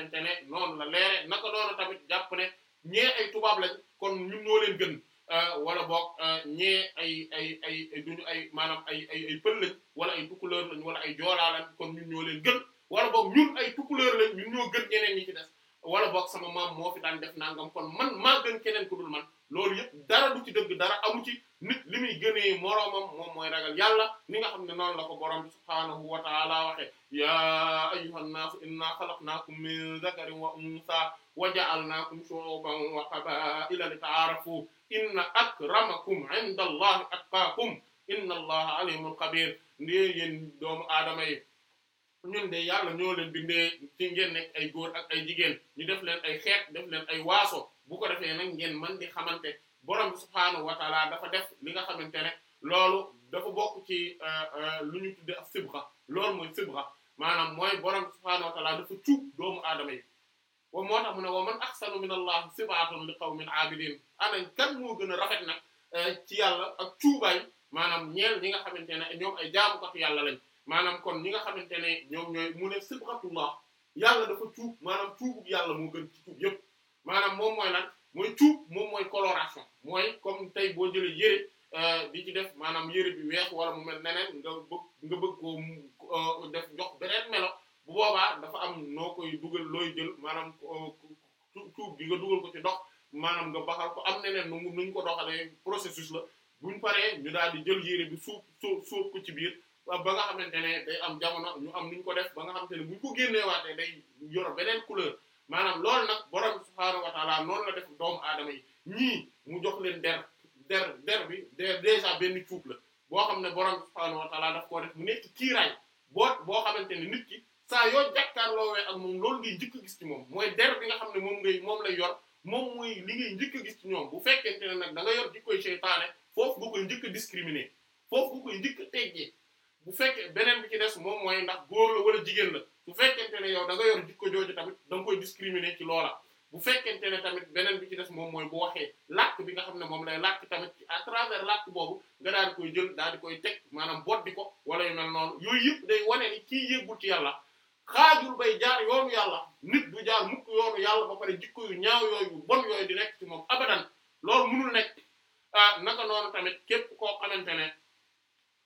xamante ne noonu la leere naka doono tamit jàpp ne ñee ay tubaab lañ kon ñun ñoo leen gën euh, wala boog euh, ñee ay ay ay duñu ay maanaam ay ay ay pël lañ wala ay tukkuleer lañ wala ay joolaa lañ kon ñun ñoo leen gën wala boog ñun ay tukkuleer lañ ñun ñoo gën ñeneen ñi ci des wala boog sama maam moo fi daan def nangam kon man maa gën keneen ku dul man loolu yëpp dara du ci dëgg dara amu ci jëmee moroomam moom mooy ragal yàlla ni nga xam ne noonu la ko borom subhaanahu wa taala waxe yaa ayyuhan naasu inna xalaqnaakum min zakarin wa unsa wa ja'alnaakum shu'uban wa qabaa'ila lita'aarafu inna akramakum 'inda allahi atqaakum inna allaha 'aliimun xabiir ne yéen doomu aadama yi ñun de yàlla ñoo leen bindee ci ngeen nekk ay góor ak ay jigéen ñu def leen ay xeet def leen ay waaso bu ko defee nag ngeen mën di xamante borom subhaanahu wa dafa def li nga xamante ne loolu dafa bokk ci euh, euh, lu ñu tudde ak sibra loolu mooy sibra maanaam mooy borom subhaanahu wa taala dafa cuub doomu aadama yi wa moo tax mu ne wa man ahsanu min allah sib'atan li qawmin abidin anañ kan moo gën a rafet nag euh, ci yàlla ak cuubaay maanaam ñeel ñi nga xamante ne ñoom ay jaamukatu yàlla lañ maanaam kon ñi nga xamante ne ñoom ñooy mu ne yàlla dafa cuub maanaam cuubug yàlla moo gën ci cuub yépp maanaam moom mooy lan mooy cuub moom mooy coloration mooy comme tey boo jëlee yére euh, di ci def maanaam yére bi weex wala mu mel neneen nga bëgg nga bëgg koo euh, def jox beneen melo bu boobaa dafa am noo koy dugal looy jël maanaam cuub euh, bi nga dugal ko ci ndox maanaam nga baxal ko am neneen nu nuñ ko doxalee processus la buñ paree ñu daal di jël yére bi suuf suuf suuf ko ci biir ba nga xamante ne day am jamono ñu am nuñ ko def ba nga xamante ne buñ ko génnee waatee day yoro beneen couleur maanaam loolu nag borom bi subhaanahu wa la def doomu aadama yi ñii mu jox leen der der der bi der déjà benn cuub la boo xam ne borom bi subhaanahu wa taala daf koo def mu nekk kiiraay boo boo xamante ne nit ki saa yoo jàkkaarloowee ak moom loolu ngay jëkk gis ci moom mooy der bi nga xam ne moom ngay moom lay yor moom mooy li ngay njëkk gis ci ñoom bu fekkente ne nag da nga yor jikkoy seytaane foofu nga koy njëkk a discriminer foofu nga koy njëkk teggee bu fekkee beneen bi ci des moom mooy ndax góor la wala jigéen la bu fekkente ne yow da nga yor jikko jooju tamit da nga koy discriminer ci loola bu fekkente ne tamit beneen bi ci des moom mooy bu waxee làkk bi nga xam ne moom lay làkk tamit à travers làkk boobu nga daal di koy jël daal di koy teg maanaam bot di ko wala yu mel noonu yooyu yëpp day wane ni kii yëggul ci yàlla xaajul bay jaar yoonu yàlla nit bu jaar mukk yoonu yàlla ba pare jikko yu ñaaw di nekk ci moom abadan loolu mënul nekk ah naka noonu tamit képp koo xamante ne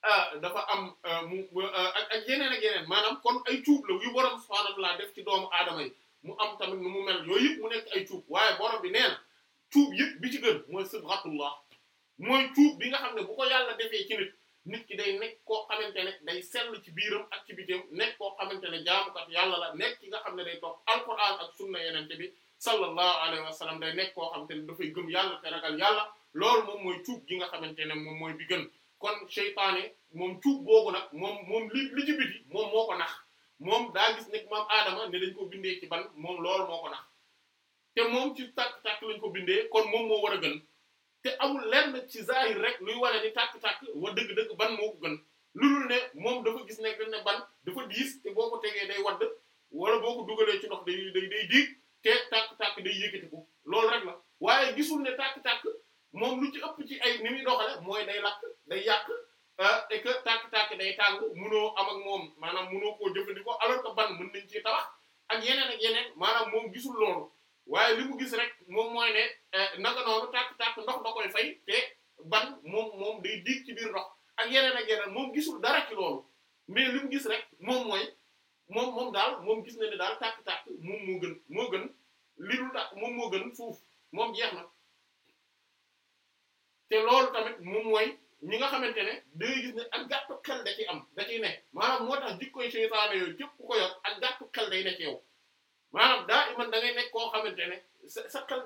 Ah, dafa am ah, mu ah, ak ak jeneen ak maanaam kon ay cuub la yu borom subhaanahu wa def ci doomu aadama yi mu am tamit nu mu mel yooyu yëpp mu nekk ay cuub waaye borom bi nee na cuub yëpp bi ci gën mooy sibghatullah mooy cuub bi nga xam ne bu ko yàlla defee ci nit nit day nekk koo xamante ne day sell ci biiram ak ci bitim nekk koo ne jaamukat yàlla la nekk ki nga xam ne day toog alquran ak sunna yeneen bi sallallahu alayhi wa sallam day nekk koo xam ne dafay gëm yàlla te ragal yàlla loolu moom mooy cuub gi nga xamante ne moom mooy bi gën. kon seytaane moom cuub googu nag moom moom li li ci biti moom moo ko nax moom daa gis nekk moom aadama ne dañ ko bindee ci ban moom lool moo ko nax te moom ci tàkk-tàkk lañ ko bindee kon moom moo war a gën te amul lenn ci zahir rek luy wane ni tàkk-tàkk wa dëgg-dëgg ban moo ko gën lu dul ne moom dafa gis nekk dañ ne ban dafa diis te boo ko tegee day wadd wala boo ko dugalee ci ndox day day day diig te tàkk-tàkk day yëkkati ko lool rek la waaye gisul moom lu ci ëpp ci ay ni muy doxale mooy day lakk day yàq ah, et que tàkk-tàkk day tàng munoo am ak moom maanaam munoo koo jëfandikoo alors que ban mën nañ ci tabax ak yeneen ak yeneen maanaam moom gisul loolu waaye li mu gis rek moom mooy ne eh, naka noonu tàkk-tàkk ndox da koy fay ban moom moom day ci biir ndox ak yeneen ak yeneen moom gisul dara ci mais li mu gis rek moom mooy moom moom daal moom gis na ne daal tàkk-tàkk moom moo gën moo gën li dul moom moo gën foofu moom jeex na te loolu tamit moom mooy ñi nga xamante ne day gis ne ak gàttu xel da am da ciy ne maanaam moo tax jikkoy seytaane yooyu képp ku ko yor ak gàttu xel day nekk yow maanaam daa iman nekk koo xamante ne sa sa xel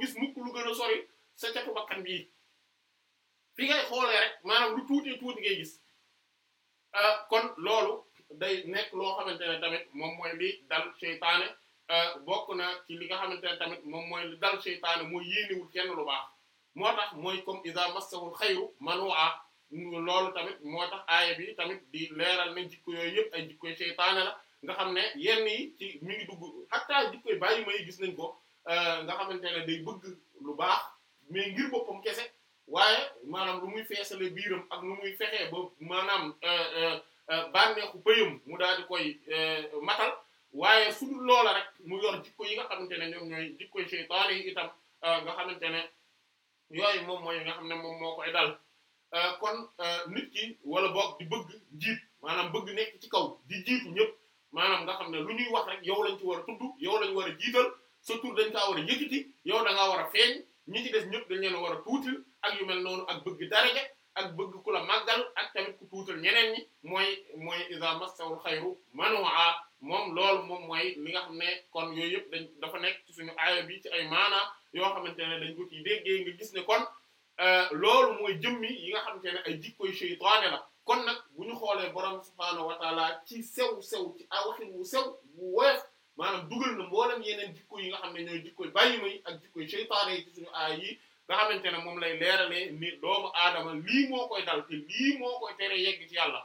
gis mukk lu gën a sori sa catu bakkan bii fi ngay xoolee rek maanaam lu tuuti tuuti ngay gis euh, kon loolu day nekk loo xamante ne tamit moom mooy li dal seytaane euh, bokk na ci li nga xamante ne tamit moom mooy li dal seytaane mooy yéenewul kenn lu baax moo tax mooy comme iza massahul xayru manua loolu tamit moo tax aaya bi tamit di leeral ne jikko yooyu yëpp ay jikkoy seytaane la nga xam ne yenn yi ci mi ngi dugg hatta jikkoy gis nañ ko euh, nga xamante ne day bëgg lu baax mais ngir boppam kese waaye maanaam lu muy feesale biiram ak lu muy fexee ba maanaam euh, euh, bànneexu pëyam mu daal di koy matal waaye su dul rek mu yor jikko yi nga xamante ne ñoom ñooy jikkoy seytaane yi itam nga xamante ne yooyu moom mooy nga xam ne moom moo koy dal euh, kon euh, nit ki wala boog di bëgg jiit maanaam bëgg nekk ci kaw di jiitu ñëpp maanaam nga xam ne lu ñuy wax rek yow lañu ci war a tudd yow lañ war a jiital sa tur dañ kaa war a yëkkati yow da ngaa war a feeñ ñi ci des ñëpp dañ leen war a tuutil ak yu mel noonu ak bëgg daraja ak bëgg ku la màggal ak tamit ku tuutal ñeneen ñi mooy mooy iza massawul xayru manwaa moom loolu moom mooy li nga xam ne kon yooyu yëpp dañ dafa nekk ci suñu ci ay maanaa yoo xamante ne dañ ko ciy déggee nga gis ne kon euh, loolu mooy jëmmi yi nga xamante ne ay jikkoy seytaane la kon nag bu ñu xoolee borom subhaanahu wa taala ci sew sew ci waxin wu sew bu woyof maanaam dugal na mboolem yeneen jikko yi nga xam ne ñooy jikkoy bàyyi may ak jikkoy seytaane yi ci suñu aay yi nga xamante ne moom lay leeralee ni doomu aadama lii moo koy dal te lii moo koy tere yegg ci yàlla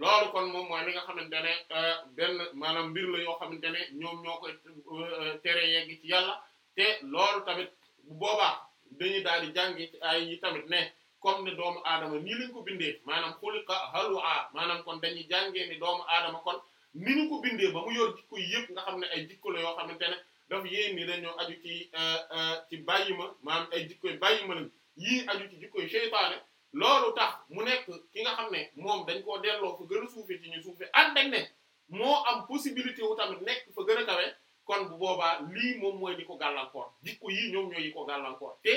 loolu kon moom mooy li nga xamante ne euh, benn maanaam mbir la yoo xamante ne ñoom ñoo koy euh, tere yegg ci yàlla te loolu tamit bu boobaa dañuy daal di jàngi ci tamit ne comme ne doomu aadama nii lañ ko bindee maanaam xuliqa halwa maanaam kon dañuy jàngee ni doomu aadama kon ni ñu ko bindee ba mu yor jikko yëpp nga xam ne ay jikko la yoo xamante ne daf yéen ni dañoo aju ci euh, euh, ci bàyyi ma maanaam ay jikkoy bàyyi ma lañ yii aju ci jikkoy seytaane loolu tax mu nekk ki nga xam ne moom dañ koo delloo fa gën a suufe ci ñu suufe ànd ak ne moo am possibilité wu tamit nekk fa gën a kawe kon bu boobaa lii moom mooy li ko gàllankoor jikko yii ñoom ñooy yi ko gàllankoor te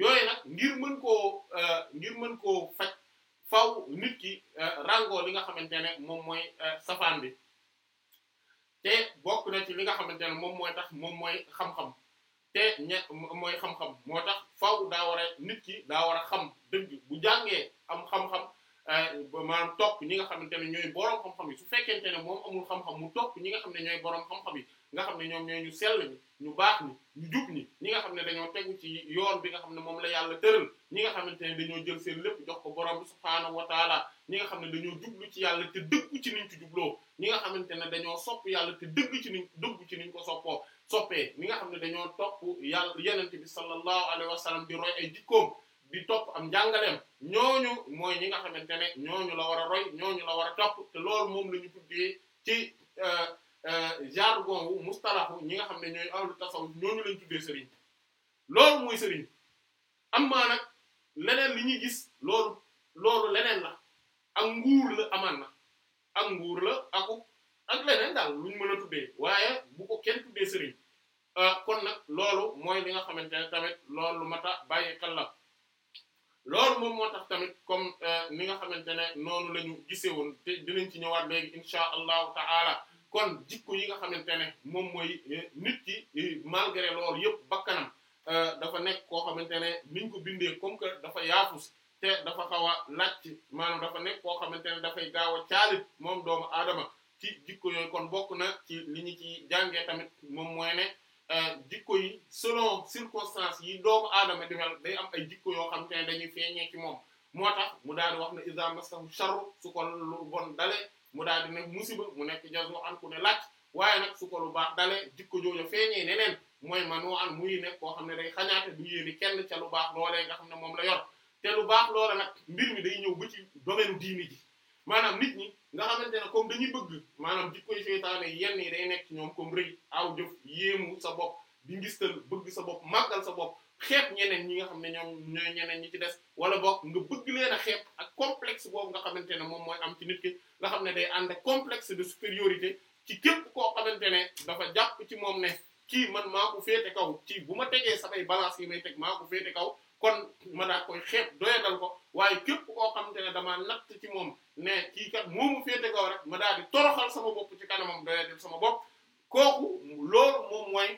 yooyu nag ngir mën koo euh, ngir mën koo faj faw nit ki euh, rango li nga xamante ne moom mooy euh, safaan bi te bokk ci li nga xamante ne moom mooy tax moom mooy xam-xam te mooy xam-xam moo tax faw daa war a nit ki daa war a xam dëgg bu jàngee am xam-xam maanaam topp ñi nga xamante ne ñooy boroom xam-xam yi su fekkente ne moom amul xam-xam mu topp ñi nga xam ne ñooy boroom xam-xam yi nga xam ne ñoom ñoo ñu sell ñi ñu baax ñi ñu jub ñi ñi nga xam ne dañoo teg ci yoon bi nga xam ne moom la yàlla tëral ñi nga xamante ne dañoo jël seen lépp jox ko borom bi subhaanahu wa ñi nga xam ne dañoo jublu ci yàlla te dëggu ci niñ ci jubloo ñi nga xamante ne dañoo sopp yàlla te dëgg ci niñ dëggu ci niñ ko soppoo soppee ñi nga xam ne dañoo topp yàlla yenente bi sallallahu alayhi wa sallam di roy ay jikkoom di topp am njàngaleem ñu mooy ñi nga xamante ne ñoo ñooñu la war a roy ñooñu la war a topp te loolu moom la ñu tuddee ci euh, jargon euh, wu mustalahu ñi nga xam ne ñooy ahlu tasawuf ñooñu lañ tuddee sëriñ loolu mooy sëriñ am maa leneen li ñuy gis loolu loolu leneen la ak nguur la amaan na ak nguur la aku ak leneen daal luñ mën a tuddee waaye bu ko kenn tuddee sëriñ euh, kon nag loolu mooy li nga xamante ne tamit loolu mata bàyyi xel la loolu moom moo tax tamit comme euh, ni nga xamante ne noonu la ñu gisee woon te dinañ ci ñëwaat léegi incha allahu ta'ala. kon jikko yi nga xamante ne moom mooy eh, nit ki eh, malgré loolu yëpp bakkanam eh, dafa nekk koo xamante ne niñ ko bindee comme que dafa yaafus te dafa xaw a làcc maanaam dafa nekk koo xamante ne dafay gaaw a caalit moom doomu aadama ci jikko yooyu kon bokk na ci li ñu ci jàngee tamit moom mooy ne jikko yi selon circonstance yi doomu aadama di mel day am ay jikko yoo xamante ne dañuy feeñee ci moom moo tax mu daal di wax ne iza massahu sharru su ko lu bon dale mu daal di nekk musiba mu nekk jazmu an ku ne laaj waaye nag su lu baax dalee jikko jooju feeñee neneen mooy man moo an muy nekk koo xam ne day xañaate du yéene kenn ca lu baax loolee nga xam ne moom la yor te lu baax loola nag mbir mi day ñëw ba ci domaine diini ji maanaam nit ñi nga xamante ne comme dañuy bëgg maanaam jikko yi seytaane yenn yi day nekk ñoom comme rëy aw jëf yéemu sa bopp di ngistal bëgg sa bopp màggal sa bopp xeeb ñeneen ñi nga xam ne ñoom ñooy ñeneen ñi ci des wala boog nga bëgg leen a xeeb ak complexe boobu nga xamante ne moom mooy am ci nit ki xam ne day ànd ak complexe de supériorité ci képp koo xamante ne dafa jàpp ci moom ne kii man maa ko féete kaw ci bu ma tegee samay balance yi may teg maa ko féete kaw kon ma daa koy xeeb doyadal ko waaye képp koo xamante ne damaa natt ci moom ne kii kat moomu féete kaw rek ma daal di toroxal sama bopp ci kanamam doyadal sama bopp kooku loolu moom mooy.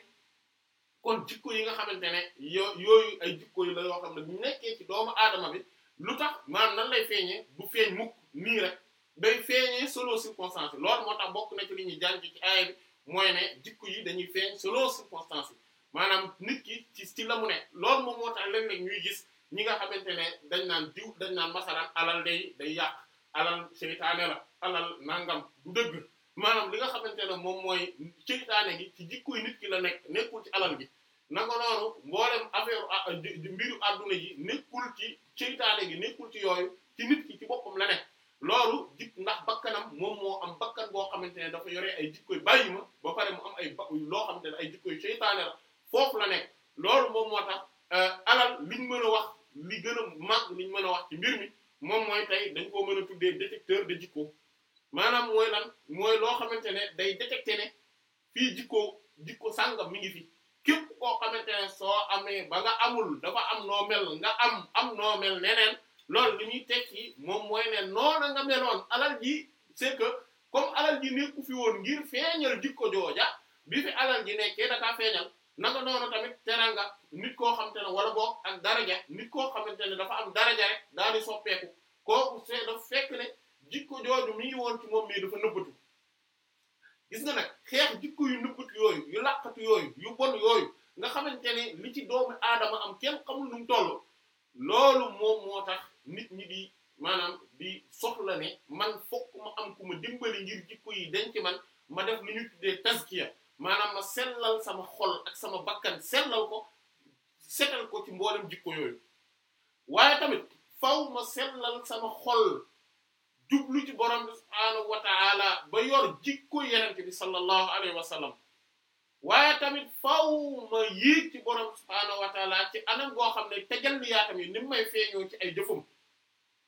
kon jikko yi nga xamante ne yoo yooyu ay jikko yi la yoo xam ne bu nekkee ci doomu aadama bi lu tax maanaam nan lay feeñee bu feeñ mukk nii rek day feeñee selon circonstance yi loolu moo tax bokk na li ñuy jàng ci aaya yi dañuy feeñ selon circonstance maanaam nit ki ci ci la mu ne loolu moom moo ñuy gis ñi nga xamante ne dañ naan diw dañ naan masalan alal day day yàq alal seytaane la alal nangam du dëgg maanaam li nga xamante ne moom mooy ceytaane gi ci jikkoy nit ki la nekk nekkul ci alal gi nanga noonu mboolem affaire ah, ah, mbiru àdduna ji nekkul ci ceytaane gi nekkul ci yooyu ci nit ki ci boppam la nekk loolu jik ndax bakkanam moom moo am bakkan boo xamante ne dafa yore ay jikkoy bàyyi ma ba pare mu am ay ba loo xamante ne ay jikkoy ceytaane la foofu la nekk loolu moom moo tax euh, alal liñ mën a wax li gën a mag liñ mën a wax ci mbir mi moom mooy tey dañ koo mën a tuddee détecteur de jikko maanaam mooy lan mooy loo xamante ne day détecté ne fii jikko jikko sàngam mu ngi fi képp koo xamante ne soo amee ba nga amul dafa am noo mel nga am am noo mel neneen loolu li ñuy tekki moom mooy ne noona nga meloon alal ji c'est que comme alal ji nekku fi woon ngir feeñal jikko jooja bi fi alal ji nekkee da kaa feeñal nanga noonu tamit teranga nit koo xamante ne wala boog ak daraja nit koo xamante ne dafa am daraja rek daal di soppeeku kooku c'est dafa fekk ne jikko jooju mi woon ci moom mii dafa nëbbatu gis na nag xeex jikko yu nëbbatu yooyu yu làqatu yooyu yu bon yooyu nga xamante ne li ci doomu aadama am kenn xamul nu mu loolu moom moo tax nit ñi di maanaam di soxla ne man fokk ma am ku ma dimbali ngir jikko yi denc man ma def lu ñu tuddee tazkiya maanaam ma sellal sama xol ak sama bakkan sellal ko setal ko ci mboolem jikko yooyu waaye tamit faw ma sellal sama xol jublu ci borom bi subhaanahu wa ba yor jikko yenente bi sallallahu alayhi wa waaye tamit faaw ma yéeg ci borom bi subhaanahu wa ci anam goo xam ne tajalliyaatam yi ni may feeñoo ci ay jëfum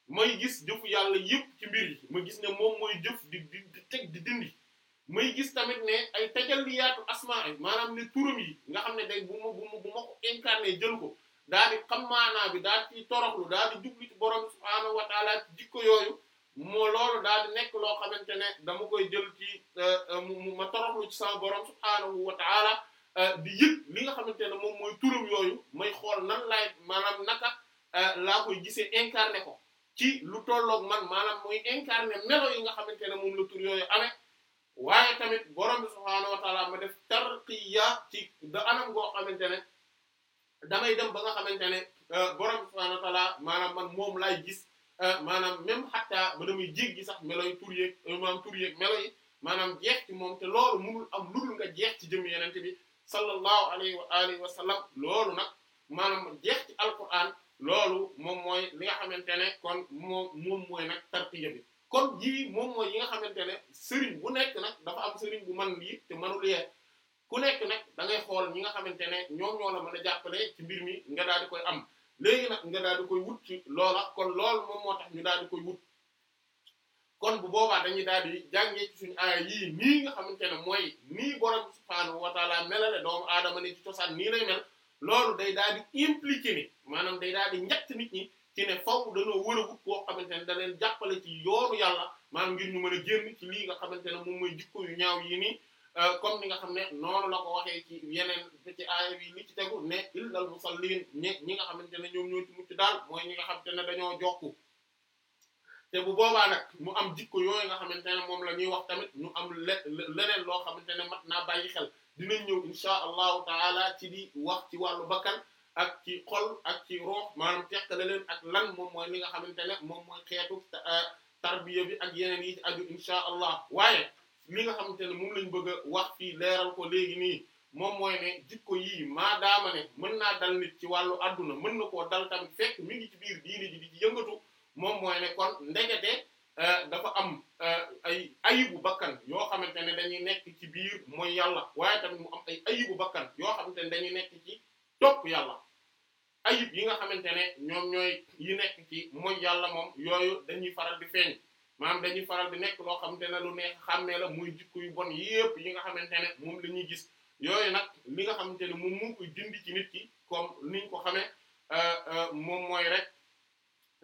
may gis jëfu yàlla yëpp ci mbir yi ma gis ne moom mooy jëf di di teg di dindi may gis tamit ne ay tajalliyaatu asmaa yi maanaam ne turam yi nga xam ne day bu ma bu ma ko incarné jël ko daal di xam maanaa bi daal di toroxlu daal di jublu ci borom subhaanahu wa ta'ala ci moo loolu daal di nekk loo xamante ne dama koy jël ci euh, ma toroxlu ci sama borom subhaanahu wa taala euh, di yëg li nga xamante ne moom mooy turam yooyu may xool nan laay maanaam naka euh, laa koy gisee incarné ko ci lu tolloog man maanaam mooy incarné melo yi nga xamante ne moom la tur yooyu amee waaye tamit borom bi subhaanahu ma def tarqiya ci da anam goo xamante ne damay dem ba nga xamante ne borom bi subhaanahu wa maanaam man moom laay gis. Euh, maanaam même xataa ba damay gi sax melo yi tur yeeg euh, maanaam tur yeeg melo yi maanaam jeex ci moom te loolu mënul am ludul nga jeex ci jëm yenente bi sallallahu alayhi wa alihi wa sallam loolu nag maanaam jeex ci alquran loolu moom mooy li nga xamante ne kon moom moom mooy nag bi kon jii moom yi nga xamante ne sëriñ bu nekk nag dafa am sëriñ bu man lii te manul yee ku nekk nag dangay xool ñi nga xamante ne ñoom ñoo la mën a jàppale ci mbir mi nga daal di koy am léegi nag nga daal di koy wut ci loola kon lool moom moo tax ñu daal di koy wut kon bu boobaa dañuy daal di jàngee ci suñu aaya yii nii nga xamante ne mooy nii borom subhaanahu wa taala melale doomu aadama ni ci cosaan nii lay mel loolu day daal di impliqué ni maanaam day daal di ñett nit ñi ci ne foofu dañoo war koo xamante ne da jàppale ci yoonu yàlla maanaam ngir ñu mën a génn ci lii nga xamante ne moom mooy jikko yu ñaaw yii nii Euh, comme ni nga xam ne noonu la ko waxee ci yeneen ci aaya bi li ci tegu ne illal musallin ñi nga xamante ne ñoom ñoo ci mucc daal mooy ñi nga xamante ne dañoo jokku te bu boobaa nag mu am jikko yooyu nga xamante ne moom la ñuy wax tamit ñu am leneen loo xamante ne mat naa bàyyi xel dinañ ñëw insha allahu taala ci di wax ci wàllu bakkan ak ci xol ak ci roox maanaam teqale leen ak lan moom mooy li nga xamante ne moom mooy xeetu euh, tarbiya bi ak yeneen yi ci aju insha allah waaye li nga xamante ne moom lañ bëgg wax fii leeral ko léegi nii moom mooy ne jikko yii maadaama ne mën naa dal nit ci wàllu àdduna mën na koo dal tamit fekk mi ngi ci biir diini ji di ci yëngatu moom mooy ne kon ndegete euh, dafa am euh, ay ayibu bakkan yoo xamante ne dañuy nekk ci biir mooy yàlla waaye tamit mu am ay ayibu bakkan yoo xamante ne dañuy nekk ci topp yàlla ayib yi nga xamante ne ñoom ñooy yi nekk ci mooy yàlla moom yooyu dañuy faral di feeñ maanaam dañuy faral di nekk loo xamante ne lu neex xàmmee la muy dikk yu bon yépp yi nga xamante ne moom la ñuy gis yooyu nag li nga xamante ne moom mu ci nit ki comme niñ ko xamee euh, euh, moom mooy rek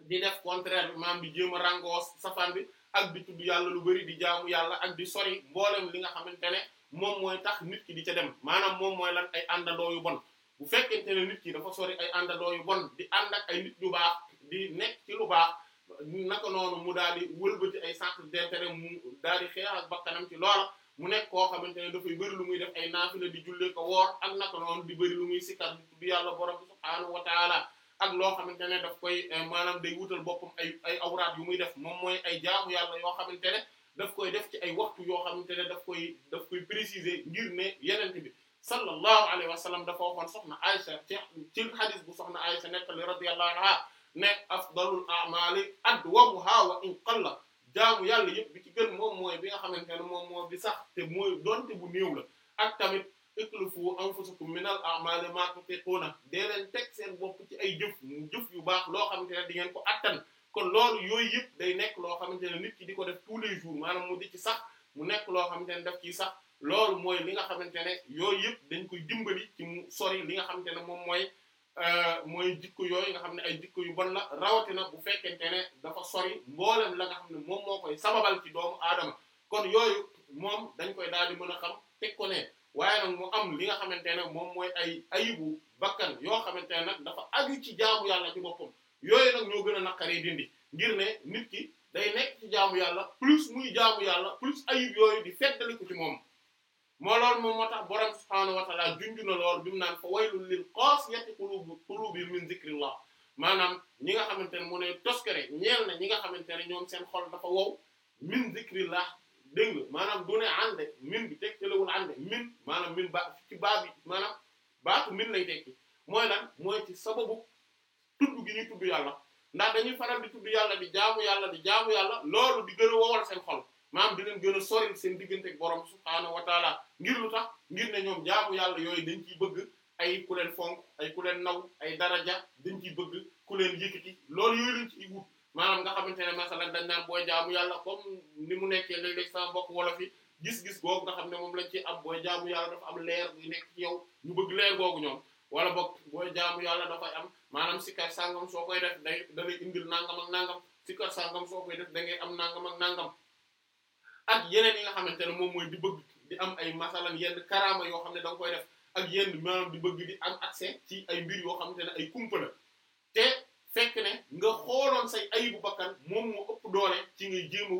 di def contraire bi maanaam di jéem a ràngoo safaan bi ak di yàlla lu bari di jaamu yàlla ak di sori mboolem li nga xamante ne moom mooy tax nit ki di ca dem maanaam moom mooy lan ay àndandoo yu bon bu fekkente ne nit ki dafa sori ay àndandoo yu bon di ànd ak ay nit yu baax di nekk ci lu baax. naka noonu mu daal di wëlbati ay centre d'intérêt mu daal di xeex ak bakkanam ci loola mu nekk koo xamante ne dafay bëri lu muy def ay naafila di jullee ko woor ak naka noonu di bëri lu muy sikkar di tudd yàlla borom subhaanahu wa taala ak loo xamante ne daf koy eh, maanaam day wutal boppam ay ay awraat yu muy def moom mooy ay jaamu yàlla yoo xamante ne daf koy def ci ay waxtu yoo xamante ne daf koy daf koy préciser ngir ne yeneen bi sallallahu alayhi wa sallam dafa waxoon soxna Aisha ci ci hadith bu soxna sa nettali radiyallahu anha ne afdalul a'mali adwamuha wa in la jaamu yàlla yëpp bi ci gën moom mooy bi nga xamante ne moom moo bi sax te mooy donte bu néew la ak tamit iklifu anfusakum minal a'mali ma tutiquna na leen teg seen bopp ci ay jëf jëf yu baax loo xamante ne di ngeen ko attan kon loolu yooyu yëpp day nekk loo xamante ne nit ki di ko def tous les jours maanaam mu di ci sax mu nekk loo xamante ne def ciy sax loolu mooy li nga xamante ne yooyu yëpp dañ koy dimbali ci li nga xamante ne moom mooy Euh, mooy jikko yooyu nga xam ne ay jikko yu bon la rawatina bu fekkente ne dafa sori mboolem la nga xam ne moom moo koy sababal ci doomu aadama kon yooyu moom dañ koy daal di mën a xam teg ko ne waaye nag mu am li nga xamante ne moom mooy ay ayibu bakkan yoo xamante ne nag dafa aju ci jaamu yàlla ci boppam yooyu nag ñoo gën a naqaree dindi ngir ne nit ki day nekk ci jaamu yàlla plus muy jaamu yàlla plus ayib yooyu di feddali ko ci moom moo loolu moom moo tax borom subhaanahu wa ta'ala junj na lool bi mu naan fa waylul lil qaasiyati quluubihim min zikrillah maanaam ñi nga xamante ne mu ne toskere ñeel na ñi nga xamante ne ñoom seen xol dafa wow min zikrillah dégg nga maanaam du ne ànde min bi tegtalewul ànde min maanaam min ba ci baa bi maanaam baatu min lay tekki mooy lan mooy ci sababu tudd gi ñuy tudd yàlla ndax dañuy faral di tudd yàlla bi jaamu yàlla di jaamu yàlla loolu di gën a wowal seen xol maanaam di leen gën a soril seen diggante ak borom subhaanahu wa taala ngir lu tax ngir ne ñoom jaamu yàlla yooyu dañ ciy bëgg ay ku leen ay ku leen naw ay daraja dañ ciy bëgg ku leen yëkkati loolu yooyu lañ ciy wut maanaam nga xamante ne masalan dañ naan booy jaamu yàlla comme ni mu nekkee léeg-léeg sama mbokk wolof yi gis-gis googu nga xam ne moom lañ ci am booy jaamu leer yu nekk ci yow ñu bëgg leer googu ñoom wala book booy jaamu yàlla dafay am maanaam sikkar sàngam soo koy def day da lay indil nangam nangam sikkar sàngam soo koy def da ngay am nangam ak nangam ak yeneen yi nga xamante ne moom mooy di bëgg di am ay masalan yenn karaama yoo xam ne da koy def ak yenn maanaam di bëgg di am accès ci ay mbir yoo xamante ne ay kumpa la te fekk ne nga xooloon say ayibu bakkan moom moo ëpp doole ci ngay jéem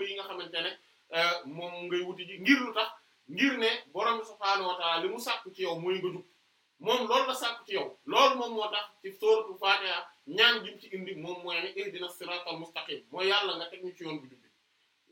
a yi nga xamante ne euh, moom ngay wuti ji ngir lu tax ngir ne borom subhaanahu wa li mu sàkku ci yow mooy nga jub moom loolu la sàkku ci yow loolu moom moo tax ci sóoratu Fatiha ñaan jëm ci indi moom mooy ne ihdina siratal mustaqim mooy yàlla nga teg ñu ci yoon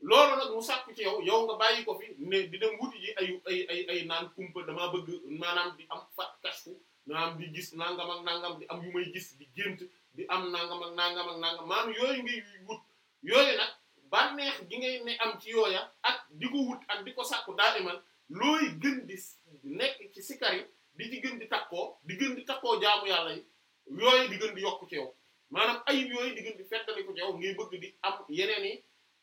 loolu nag mu sàkku ci yow yow nga bàyyi ko fi ne di dem wuti ji ay ay ay naan kumpa damaa bëgg maanaam di am fat kashfu maanaam di gis nangam ak nangam di am yu may gis di gént di am nangam ak nangam ak nangam maanaam yooyu ngay wut yooyu nag bànneex gi ngay ne am ci yooya ak di ko wut ak di ko sàkku daal man looy gën di nekk ci sikar yi di ci gën di takkoo di gën di takkoo jaamu yàlla yi yooyu di gën di yokku ci yow maanaam ayib yooyu di gën di fettali ko ci yow ngay bëgg di am yeneen yi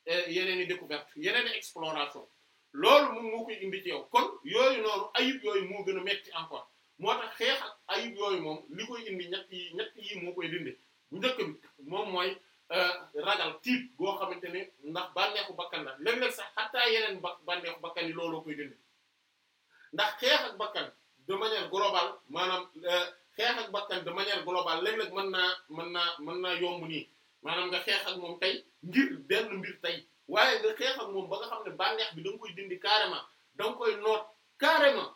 yeneen i découverte yeneen i exploration loolu moom moo koy indi ci yow kon yooyu noonu ayib yooyu moo gën a metti encore moo tax xeex ak ayib yooyu moom li koy indi ñett yi ñett yi moo koy dindi bu njëkk bi moom mooy euh, ragal tiit goo xamante ni ndax bànneexu bakkan la léeg-léeg sax xattaa yeneen ba bakkan yi looloo koy dindi ndax xeex ak bakkan de manière globale maanaam euh, xeex ak bakkan de manière globale léeg-léeg mën naa mën naa mën naa yomb nii maanaam nga xeex ak moom tey ngir benn mbir tey waaye nga xeex ak moom ba nga xam ne bànneex bi da koy dindi carrément da nga koy noot carrément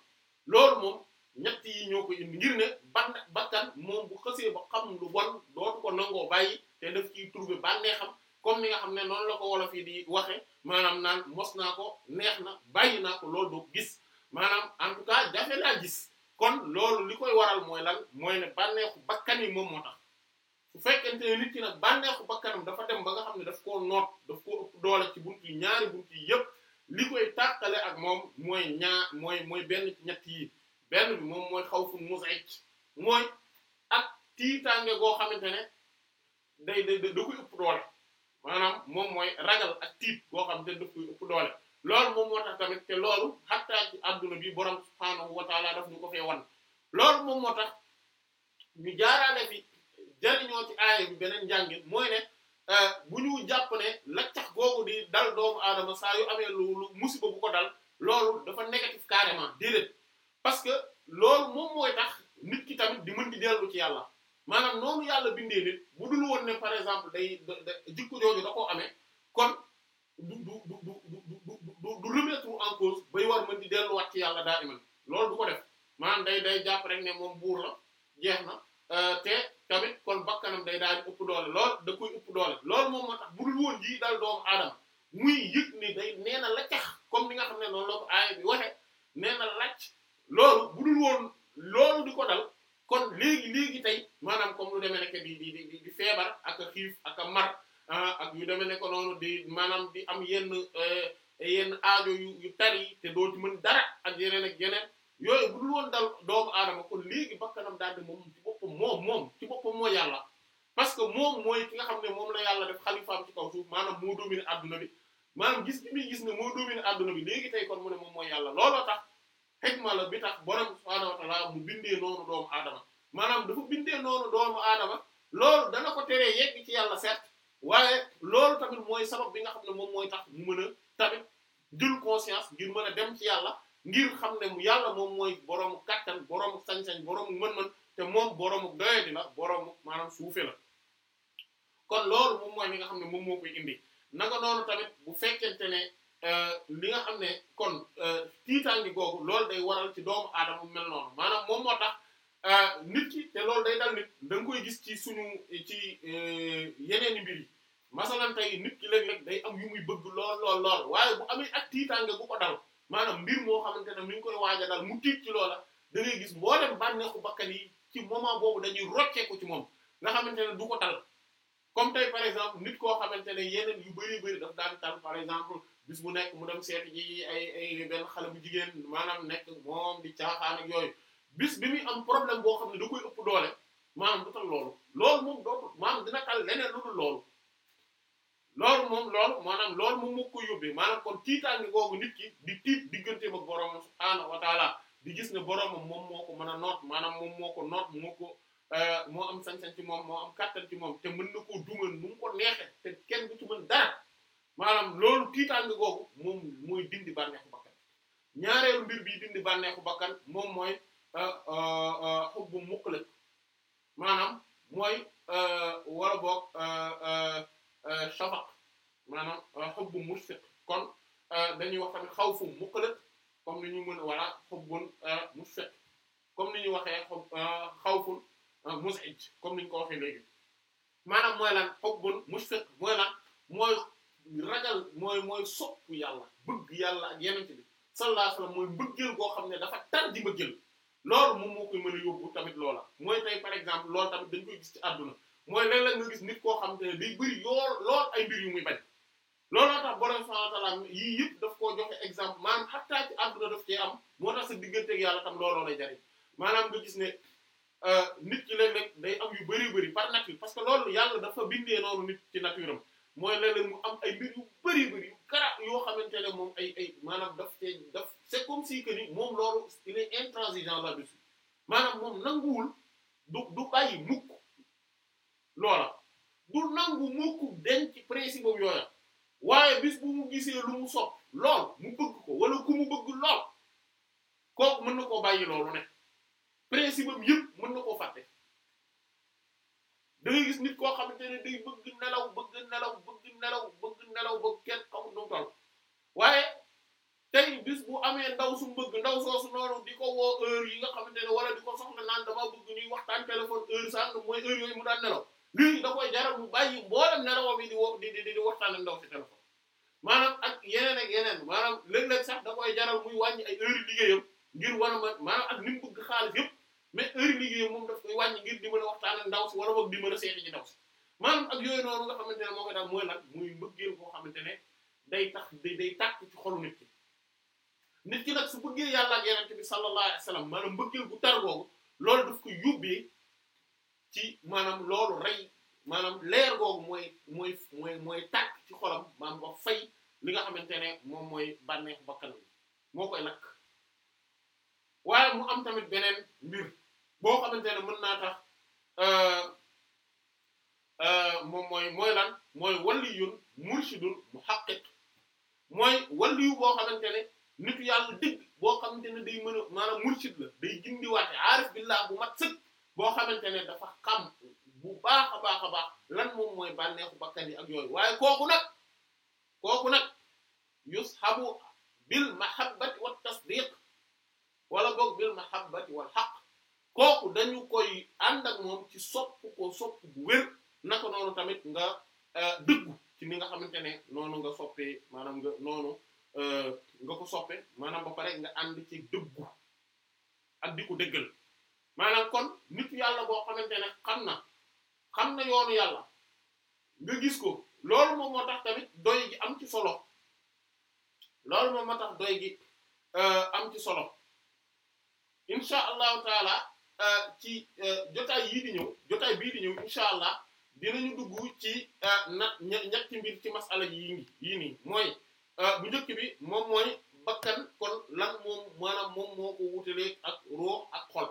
loolu moom ñett yi ñoo koy indi ngir ne ban bakkan moom bu xësee ba xam lu bon dootu ko nangoo bàyyi te daf ciy trouver bànneexam comme ni nga xam ne noonu la ko wolof yi di waxe maanaam naan mos naa ko neex na bàyyi naa ko loolu doo gis maanaam en tout cas jafe naa gis kon loolu li koy waral mooy lan mooy ne bànneexu bakkan yi moom su fekkente ne nit ki nag bànneexu bakkanam dafa dem ba nga xam ne daf koo noot daf koo ëpp doole ci bunt yi ñaari bunt yi yëpp li koy tàqale ak moom mooy ñaar mooy mooy benn ci ñett yi benn bi moom mooy xaw xawfu muz'ik mooy ak tiitaange goo xamante ne day day da koy ëpp doole maanaam moom mooy ragal ak tiit goo xam ne daf koy ëpp doole loolu moom moo tax tamit te loolu xattaa ci adduna bi borom subhaanahu wa taala daf ñu ko fee wan loolu moom moo tax jariñoo ci aaya bi beneen njàngi mooy ne euh, bu ñu jàpp ne laccax googu di dal doomu aadama saa yu amee lu musiba bu ko dal loolu dafa négatif carrément déedéet parce que lool moom mooy tax nit ki tamit di mën di dellu ci yàlla maanaam noonu yàlla bindee nit bu dul woon ne par exemple day jikko jooju da ko amee kon du du du du du du remettre en cause bay war mën di delluwaat ci yàlla daa iman loolu du ko def maanaam day day jàpp rek ne moom buur na euh, te tamit kon bakkanam day daal di ëpp doole lool da koy ëpp doole lool moom moo tax bu dul woon ji dal doomu aadama muy yëg ni day nee na laccax comme ni nga xam ne noonu la ko aaya bi waxe nee na lacc loolu bu di ko dal kon léegi léegi tey maanaam comme lu demee nekk di di di di feebar ak a xiif ak a mar ah, ak yu demee nekk noonu di maanaam di am yenn eh, yenn aajo yu yu tar yi te doo ci mën dara ak yeneen ak yeneen. yooyu bu dul woon dal doomu aadama kon léegi bakkanam daal di moom ci boppam moom moom ci boppam moo yàlla parce que moom mooy ki nga xam ne moom la yàlla def xalifaam ci kaw suuf maanaam moo domine adduna bi maanaam gis gi muy gis ne moo domine adduna bi léegi tey kon mu ne moom mooy yàlla looloo tax la bi tax borom subhaanahu wa ta'aala mu bindee noonu doomu aadama maanaam dafa bindee noonu doomu aadama loolu dana ko ci yàlla seet waaye loolu tamit mooy sabab bi nga xam ne moom mooy tax mu mën a tamit jël conscience ngir mën a dem ci yàlla ngir xam ne mu yàlla moom mooy boroomu kàttan boroomu sañ-sañ boroomu mën-mën te moom boroomu doyadi la boroomu maanaam suufe la kon loolu moom mooy li nga xam ne moom moo koy indi naka noonu tamit bu fekkente ne euh, li nga xam ne kon euh, tiitaange googu loolu day waral ci doomu aadama mu mel noonu maanaam moom moo tax euh, nit ki te loolu day dal nit da koy gis ci suñu ci yeneeni mbir yi masalan tey nit ki léeg day am yu muy bëgg lool lool lool waaye bu amee ak ko dal maanaam mbir moo xamante ne mi ngi koy waaja daal mu tiit ci loola da ngay gis mboolem bànneexu bakkan yi ci moment boobu dañuy rocceeku ci moom nga xamante ne du ko tal comme tey par exemple nit koo xamante ne yeneen yu bari bëri daf daan tal par exemple bis bu nekk mu dem seeti ji ay ay benn xale bu jigéen maanaam nekk moom di caaxaan ak yooyu bis bi muy am problème boo xam ne da koy ëpp doole maanaam du tal loolu loolu moom dootul maanaam dina tal leneen lu dul loolu loolu moom loolu maanaam loolu moom moo ko yóbbee maanaam kon tiitaange googu nit ki di tiit digganteem ak boroomam subhaanahu wa taala di gis ne boroomam moom moo ko mën a noot maanaam moom moo ko noot moo ko euh, moo am sañ-sañ ci moom moo am kàttan ci moom te mën na koo dugal nu mu ko neexe te kenn du ci mën dara maanaam loolu tiitaange googu moom mooy dindi bànneexu bakkan ñaareelu mbir bi dindi bànneexu bakkan moom mooy xubbu euh, euh, muqlaq maanaam mooy wala boog Euh, shafaq maanaam euh, xubbu mushfiq kon euh, dañuy wax tamit xawfu muqlaq comme ni ñu mën wala xubbun mushfiq comme ni ñu waxee xob xawfun mus'ij comme ni ñu ko waxee léegi maanaam mooy lan xubbun mushfiq mooy lan mooy ragal mooy mooy soppu yàlla bëgg yàlla ak yeneen bi sallallahu alayhi wasallam mooy bëggeel goo xam ne dafa tar di bëggeel loolu moom moo koy mën a tamit loola mooy tey par exemple lool tamit dañ koy gis ci àdduna mooy léeg-léeg nga gis nit koo xam te ne day bëri yoo lool ay mbir yu muy bañ looloo tax borom yii yëpp daf koo joxe exemple maanaam xattaa ci àdduna daf cee am moo tax sa yàlla tam looloo lay jariñ maanaam nga gis ne euh, nit ki léeg-léeg day am yu bëri bëri par nature parce que loolu yàlla dafa bindee noonu nit ci nature am mooy léeg-léeg mu am ay mbir yu bëri bëri yu kara yoo xamante ne moom ay ay maanaam daf cee daf c'est comme si que ni moom loolu il est intransigeant là-dessus maanaam moom nanguwul du bàyyi mukk loola du nangu mukk denc principe am yooya waaye bis bu mu gisee lu mu sopp lool mu bëgg ko wala ku mu bëgg lool kooku mën na koo bàyyi loolu ne principe am yëpp mën na koo fàtte da gis nit koo xamante ne day bëgg nelaw bëgg nelaw bëgg nelaw bëgg nelaw ba kenn xamul nu mu toll waaye tey bis bu amee ndaw su bëgg ndaw soosu noonu di ko woo heure yi nga xamante ne wala di ko soxla naan dama bëgg ñuy waxtaan téléphone heure sànq mooy heure yooyu mu daan nelaw lii da koy jaral mu bàyyi boo nelawam yi di wo di di di waxtaan ak ndaw si téléphone maanaam ak yeneen ak yeneen maanaam léeg-léeg sax da koy jaral muy wàññi ay heure liggéeyam ngir war a mën maanaam ak ni mu bëgg xaalis yëpp mais heure liggéeyam moom daf koy wàññi ngir di mën waxtaan ak ndaw si wala boog di mën a seeti ci ndaw si maanaam ak yooyu noonu nga xamante ne moo koy daal mooy nag muy mbëggeel koo xamante ne day tax day tàkk ci xolu nit ki nit ki nag su bëggee yàlla ak yeneen bi sallallahu alayhi wasallam maanaam mbëggeel bu tar googu loolu daf ko yóbbee ci maanaam loolu rey maanaam leer googu mooy mooy mooy mooy ci xolam maanaam ba fay li nga xamante ne moom mooy bànneex bakkan bi moo koy lakk waaye mu am tamit beneen mbir boo xamante ne mën naa tax euh, euh, moom mooy mooy lan mooy waliyun murshidun muhaqqiq mooy waliyu boo xamante ne nitu yàlla dëgg boo xamante ne day mën a maanaam murshid la day gindiwaate aarif billah bu mat sëkk boo xamante ne dafa xam bu baax a baax a baax lan moom mooy bànneexu bakkan yi ak yooyu waaye kooku nag kooku nag yushabu bil mahabbati wat tasdiq wala boog bil mahabbati wal haqq kooku dañu koy ànd ak moom ci sopp ko sopp bu wér naka noonu tamit nga euh, dëggu ci ni nga xamante ne noonu nga soppee maanaam nga noonu euh, nga ko soppe maanaam ba pare nga ànd ci dëggu ak di ko dëggal maanaam kon nit yàlla boo xamante ne xam na xam na yoonu yàlla nga gis ko loolu moom moo tax tamit doy gi am ci solo loolu moom moo tax doy gi euh, am ci solo incha allahu taala euh, ci euh, jotaay yii di ñëw jotaay bii di ñëw incha allah dinañu dugg ci na ñetti mbir ci masala yi yii nii mooy bu njëkk bi moom mooy bakkan kon lan moom maanaam moom moo ko wutalee ak ruux ak xol.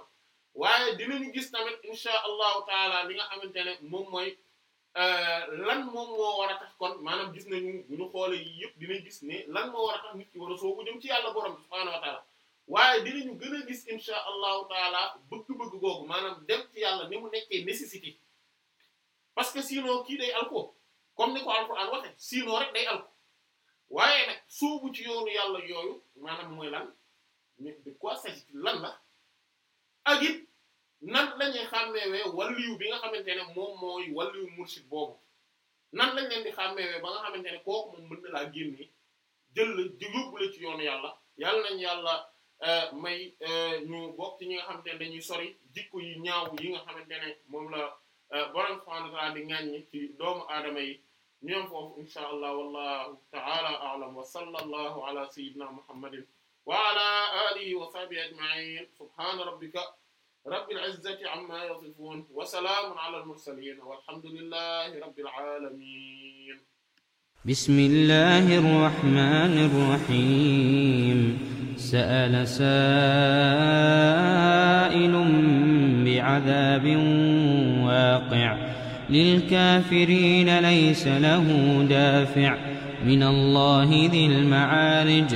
waaye dinañu gis tamit insha allahu taala li nga xamante ne moom mooy euh, lan moom moo war a tax kon maanaam gis nañu bu ñu xoolee yii yëpp dinañ gis ne lan moo war a tax nit ki war a soobu jëm ci yàlla borom subhaanahu wa taala waaye dinañu gën a gis insha allahu bëgg-bëgg googu dem yàlla ni mu nekkee nécessité que sinon kii day alko ko alquran waxe sinon rek day alko waaye nag soobu ci yoonu yàlla yooyu maanaam mooy lan mais lan la. ak it nan lañuy xàmmeewee waliyu bi nga xamante ne moom mooy waliyu mursid boobu nan lañ leen di xàmmeewee ba nga xamante ne kooku moom mën na laa génne jël la yóbbu la ci yàlla yàlla nañ yàlla euh, may euh, ñu bokk ci ñi nga xamante ne dañuy sori jikko yi ñaaw yi nga xamante ne moom la euh, borom subhanahu wa di ŋàññi ci doomu aadama yi ñoom foofu insha allah wallahu ta'ala a'lam wa sallallahu ala sayyidina muhammadin wa ala alihi wa sahbihi ajma'in subhana rabbika rabbil izzati amma yasifun wa salamun ala al mursalin walhamdulillahi rabbil alamin bismillahir rahmanir rahim sa'ala sa'ilun bi'adabin waqi' للكافرين ليس له دافع من الله ذي المعارج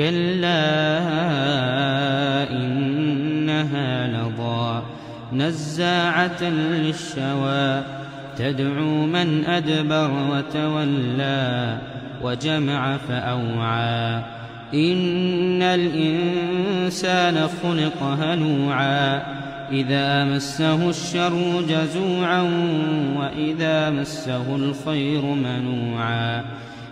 كلا إنها لظى نزاعة للشوى تدعو من أدبر وتولى وجمع فأوعى إن الإنسان خلق هلوعا إذا مسه الشر جزوعا وإذا مسه الخير منوعا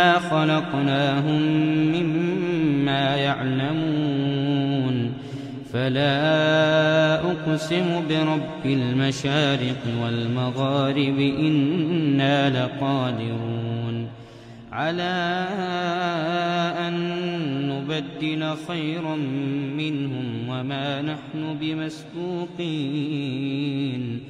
إِنَّا خَلَقْنَاهُمْ مِمَّا يَعْلَمُونَ فَلَا أُقْسِمُ بِرَبِّ الْمَشَارِقِ وَالْمَغَارِبِ إِنَّا لَقَادِرُونَ عَلَىٰ أَن نُّبَدِّلَ خَيْرًا مِّنْهُمْ وَمَا نَحْنُ بِمَسْبُوقِينَ